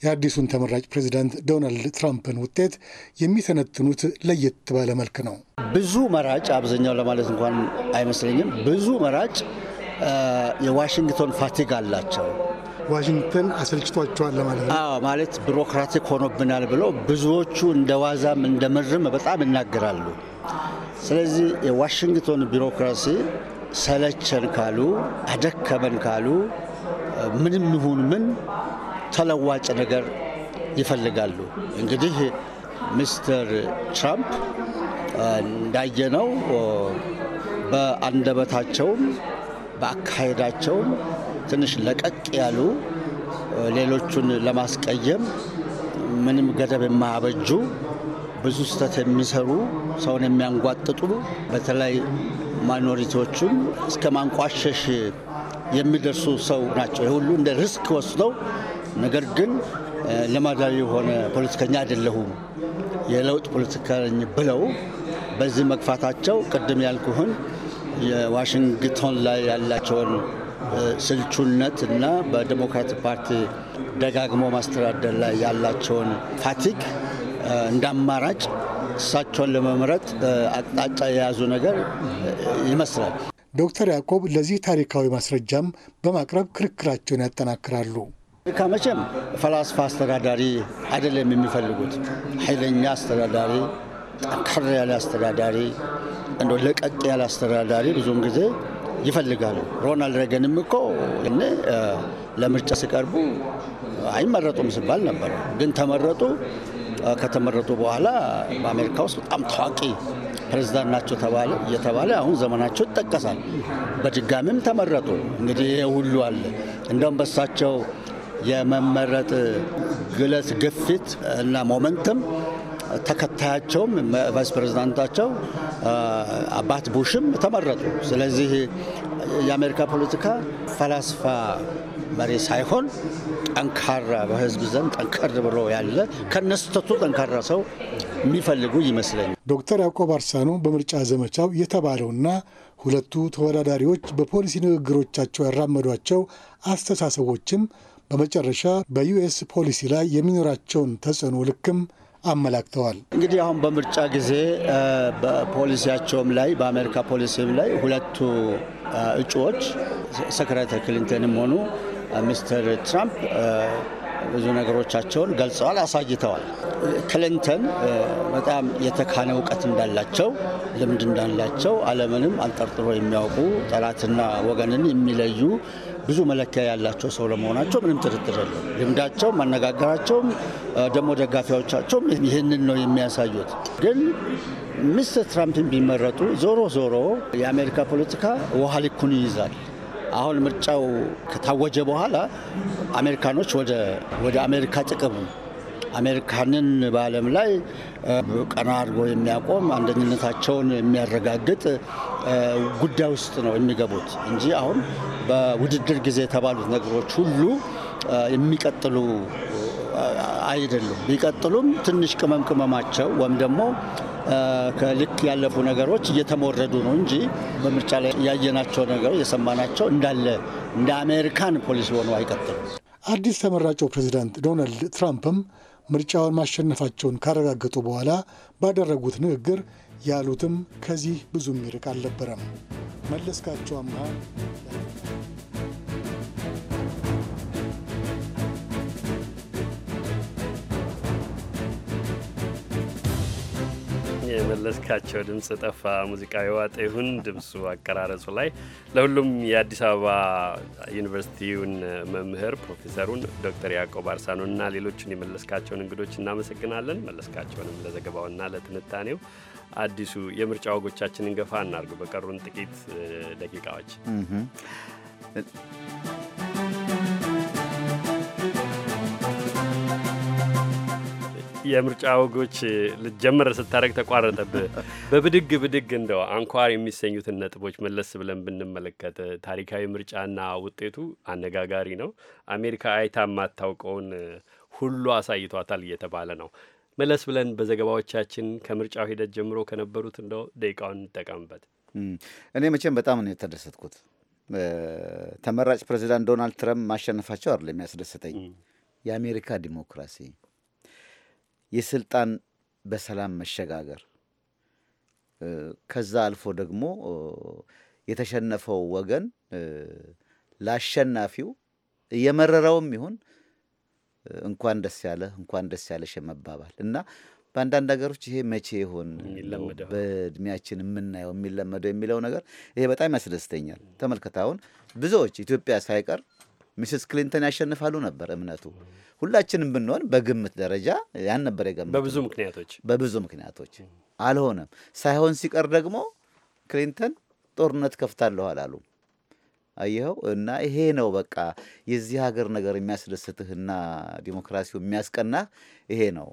የአዲሱን ተመራጭ ፕሬዚዳንት ዶናልድ ትራምፕን ውጤት የሚተነትኑት ለየት ባለ መልክ ነው። ብዙ መራጭ አብዛኛው ለማለት እንኳን አይመስለኝም። ብዙ መራጭ የዋሽንግቶን ፋቲግ አላቸው። ዋሽንግተን አሰልችቷቸዋል ለማለት ነው። አዎ ማለት ቢሮክራቲክ ሆኖብናል ብለው ብዙዎቹ እንደ ዋዛም እንደ ምርም በጣም ይናገራሉ። ስለዚህ የዋሽንግቶን ቢሮክራሲ ሰለቸን ካሉ አደከመን ካሉ ምንም ይሁን ምን ተለዋጭ ነገር ይፈልጋሉ። እንግዲህ ሚስተር ትራምፕ እንዳየነው በአንደበታቸውም በአካሄዳቸውም ትንሽ ለቀቅ ያሉ ሌሎቹን ለማስቀየም ምንም ገደብ የማያበጁ ብዙ ስህተት የሚሰሩ ሰውን የሚያንጓጥጡ በተለይ ማይኖሪቲዎቹን እስከ ማንቋሸሽ የሚደርሱ ሰው ናቸው። ይህ ሁሉ እንደ ሪስክ ወስደው ነገር ግን ልማዳዊ የሆነ ፖለቲከኛ አይደለሁም የለውጥ ፖለቲከኝ ብለው በዚህ መግፋታቸው ቅድም ያልኩህን የዋሽንግቶን ላይ ያላቸውን ስልቹነት እና በዲሞክራቲክ ፓርቲ ደጋግሞ ማስተዳደር ላይ ያላቸውን ፋቲግ እንደ አማራጭ እሳቸውን ለመምረጥ አቅጣጫ የያዙ ነገር ይመስላል። ዶክተር ያዕቆብ ለዚህ ታሪካዊ ማስረጃም በማቅረብ ክርክራቸውን ያጠናክራሉ። አሜሪካ መቼም ፈላስፋ አስተዳዳሪ አይደለም የሚፈልጉት። ኃይለኛ አስተዳዳሪ፣ ጠንከር ያለ አስተዳዳሪ፣ እንደ ለቀቅ ያለ አስተዳዳሪ ብዙውን ጊዜ ይፈልጋሉ። ሮናልድ ሬገንም እኮ እኔ ለምርጫ ሲቀርቡ አይመረጡም ሲባል ነበር፣ ግን ተመረጡ። ከተመረጡ በኋላ በአሜሪካ ውስጥ በጣም ታዋቂ ፕሬዚዳንት ናቸው ተባለ እየተባለ አሁን ዘመናቸው ይጠቀሳል። በድጋሚም ተመረጡ። እንግዲህ ይሄ ሁሉ አለ። እንደውም በሳቸው የመመረጥ ግለት ግፊት እና ሞመንትም ተከታያቸውም ቫይስ ፕሬዚዳንታቸው አባት ቡሽም ተመረጡ። ስለዚህ የአሜሪካ ፖለቲካ ፈላስፋ መሪ ሳይሆን ጠንካራ በህዝብ ዘንድ ጠንከር ብሎ ያለ ከነስተቱ ጠንካራ ሰው የሚፈልጉ ይመስለኛል። ዶክተር ያዕቆብ አርሳኖ በምርጫ ዘመቻው የተባለውና ሁለቱ ተወዳዳሪዎች በፖሊሲ ንግግሮቻቸው ያራመዷቸው አስተሳሰቦችም በመጨረሻ በዩኤስ ፖሊሲ ላይ የሚኖራቸውን ተጽዕኖ ልክም አመላክተዋል። እንግዲህ አሁን በምርጫ ጊዜ በፖሊሲያቸውም ላይ በአሜሪካ ፖሊሲም ላይ ሁለቱ እጩዎች ሰክሬተሪ ክሊንተንም ሆኑ ሚስተር ትራምፕ ብዙ ነገሮቻቸውን ገልጸዋል፣ አሳይተዋል። ክሊንተን በጣም የተካነ እውቀት እንዳላቸው፣ ልምድ እንዳላቸው ዓለምንም አንጠርጥሮ የሚያውቁ ጠላትና ወገንን የሚለዩ ብዙ መለኪያ ያላቸው ሰው ለመሆናቸው ምንም ጥርጥር የለም። ልምዳቸው፣ አነጋገራቸውም ደግሞ ደጋፊዎቻቸውም ይህንን ነው የሚያሳዩት። ግን ሚስተር ትራምፕን ቢመረጡ ዞሮ ዞሮ የአሜሪካ ፖለቲካ ውሃ ልኩን ይይዛል። አሁን ምርጫው ከታወጀ በኋላ አሜሪካኖች ወደ አሜሪካ ጥቅም አሜሪካንን በዓለም ላይ ቀና አድርጎ የሚያቆም አንደኝነታቸውን የሚያረጋግጥ ጉዳይ ውስጥ ነው የሚገቡት እንጂ አሁን በውድድር ጊዜ የተባሉት ነገሮች ሁሉ የሚቀጥሉ አይደሉም። ቢቀጥሉም ትንሽ ቅመም ቅመማቸው ወይም ደግሞ ከልክ ያለፉ ነገሮች እየተሞረዱ ነው እንጂ በምርጫ ላይ ያየናቸው ነገሮች የሰማናቸው እንዳለ እንደ አሜሪካን ፖሊሲ ሆኖ አይቀጥልም። አዲስ ተመራጩ ፕሬዚዳንት ዶናልድ ትራምፕም ምርጫውን ማሸነፋቸውን ካረጋገጡ በኋላ ባደረጉት ንግግር ያሉትም ከዚህ ብዙም ይርቅ አልነበረም። መለስካቸው አምሃ የመለስካቸው ድምፅ ጠፋ። ሙዚቃዊ ዋጠ ይሁን ድምፁ አቀራረጹ ላይ ለሁሉም የአዲስ አበባ ዩኒቨርሲቲውን መምህር ፕሮፌሰሩን ዶክተር ያዕቆብ እና ሌሎችን የመለስካቸውን እንግዶች እናመሰግናለን። መለስካቸውንም ለዘገባውና ለትንታኔው አዲሱ የምርጫ ወጎቻችንን ገፋ እናርገው በቀሩን ጥቂት ደቂቃዎች የምርጫ ወጎች ልጀምር ስታደረግ ተቋረጠብህ። በብድግ ብድግ እንደው አንኳር የሚሰኙትን ነጥቦች መለስ ብለን ብንመለከት ታሪካዊ ምርጫና ውጤቱ አነጋጋሪ ነው። አሜሪካ አይታ የማታውቀውን ሁሉ አሳይቷታል እየተባለ ነው። መለስ ብለን በዘገባዎቻችን ከምርጫው ሂደት ጀምሮ ከነበሩት እንደው ደቂቃውን እንጠቀምበት። እኔ መቼም በጣም ነው የተደሰትኩት። ተመራጭ ፕሬዚዳንት ዶናልድ ትራምፕ ማሸነፋቸው አይደለም የሚያስደስተኝ የአሜሪካ ዲሞክራሲ የስልጣን በሰላም መሸጋገር ከዛ አልፎ ደግሞ የተሸነፈው ወገን ለአሸናፊው እየመረረውም ይሁን እንኳን ደስ ያለ እንኳን ደስ ያለሽ መባባል እና በአንዳንድ ነገሮች ይሄ መቼ ይሆን በእድሜያችን የምናየው የሚለመደው የሚለው ነገር ይሄ በጣም ያስደስተኛል። ተመልከት አሁን ብዙዎች ኢትዮጵያ ሳይቀር ሚስስ ክሊንተን ያሸንፋሉ ነበር እምነቱ። ሁላችንም ብንሆን በግምት ደረጃ ያን ነበር የገመ በብዙ ምክንያቶች በብዙ ምክንያቶች አልሆነም። ሳይሆን ሲቀር ደግሞ ክሊንተን ጦርነት ከፍታለኋል አሉ። አየኸው እና ይሄ ነው በቃ የዚህ ሀገር ነገር የሚያስደስትህና ዲሞክራሲው የሚያስቀናህ ይሄ ነው።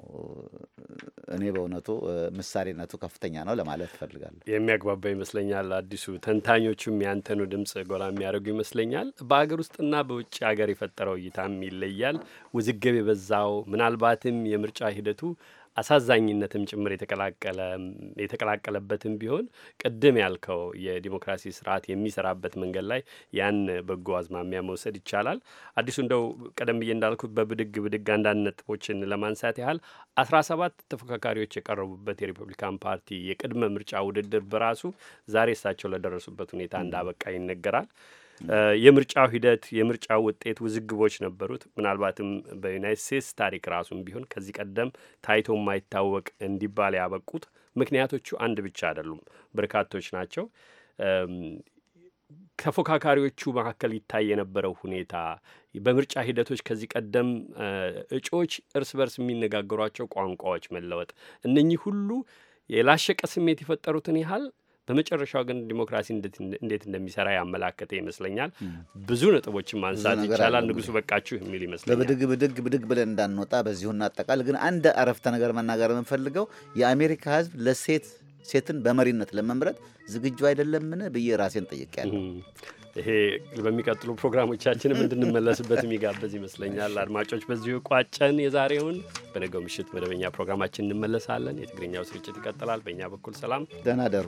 እኔ በእውነቱ ምሳሌነቱ ከፍተኛ ነው ለማለት እፈልጋለሁ። የሚያግባባ ይመስለኛል። አዲሱ ተንታኞቹም ያንተኑ ድምፅ ጎላ የሚያደርጉ ይመስለኛል። በሀገር ውስጥና በውጭ ሀገር የፈጠረው እይታም ይለያል። ውዝግብ የበዛው ምናልባትም የምርጫ ሂደቱ አሳዛኝነትም ጭምር የተቀላቀለበትም ቢሆን ቅድም ያልከው የዲሞክራሲ ስርዓት የሚሰራበት መንገድ ላይ ያን በጎ አዝማሚያ መውሰድ ይቻላል። አዲሱ እንደው ቀደም ብዬ እንዳልኩት በብድግ ብድግ አንዳንድ ነጥቦችን ለማንሳት ያህል አስራ ሰባት ተፎካካሪዎች የቀረቡበት የሪፐብሊካን ፓርቲ የቅድመ ምርጫ ውድድር በራሱ ዛሬ እሳቸው ለደረሱበት ሁኔታ እንዳበቃ ይነገራል። የምርጫው ሂደት የምርጫው ውጤት ውዝግቦች ነበሩት። ምናልባትም በዩናይት ስቴትስ ታሪክ ራሱም ቢሆን ከዚህ ቀደም ታይቶ የማይታወቅ እንዲባል ያበቁት ምክንያቶቹ አንድ ብቻ አይደሉም፣ በርካቶች ናቸው። ተፎካካሪዎቹ መካከል ይታይ የነበረው ሁኔታ፣ በምርጫ ሂደቶች ከዚህ ቀደም እጩዎች እርስ በርስ የሚነጋገሯቸው ቋንቋዎች መለወጥ፣ እነኚህ ሁሉ የላሸቀ ስሜት የፈጠሩትን ያህል በመጨረሻው ግን ዲሞክራሲ እንዴት እንደሚሰራ ያመላከተ ይመስለኛል። ብዙ ነጥቦችን ማንሳት ይቻላል። ንጉሱ በቃችሁ የሚል ይመስለኛል። በብድግ ብድግ ብድግ ብለን እንዳንወጣ በዚሁ እናጠቃል። ግን አንድ አረፍተ ነገር መናገር የምንፈልገው የአሜሪካ ሕዝብ ለሴት ሴትን በመሪነት ለመምረጥ ዝግጁ አይደለምን ብዬ ራሴን ጠይቄያለሁ። ይሄ በሚቀጥሉ ፕሮግራሞቻችንም እንድንመለስበት የሚጋበዝ ይመስለኛል። አድማጮች፣ በዚሁ ቋጨን የዛሬውን። በነገው ምሽት መደበኛ ፕሮግራማችን እንመለሳለን። የትግርኛው ስርጭት ይቀጥላል። በእኛ በኩል ሰላም፣ ደህና ደሩ።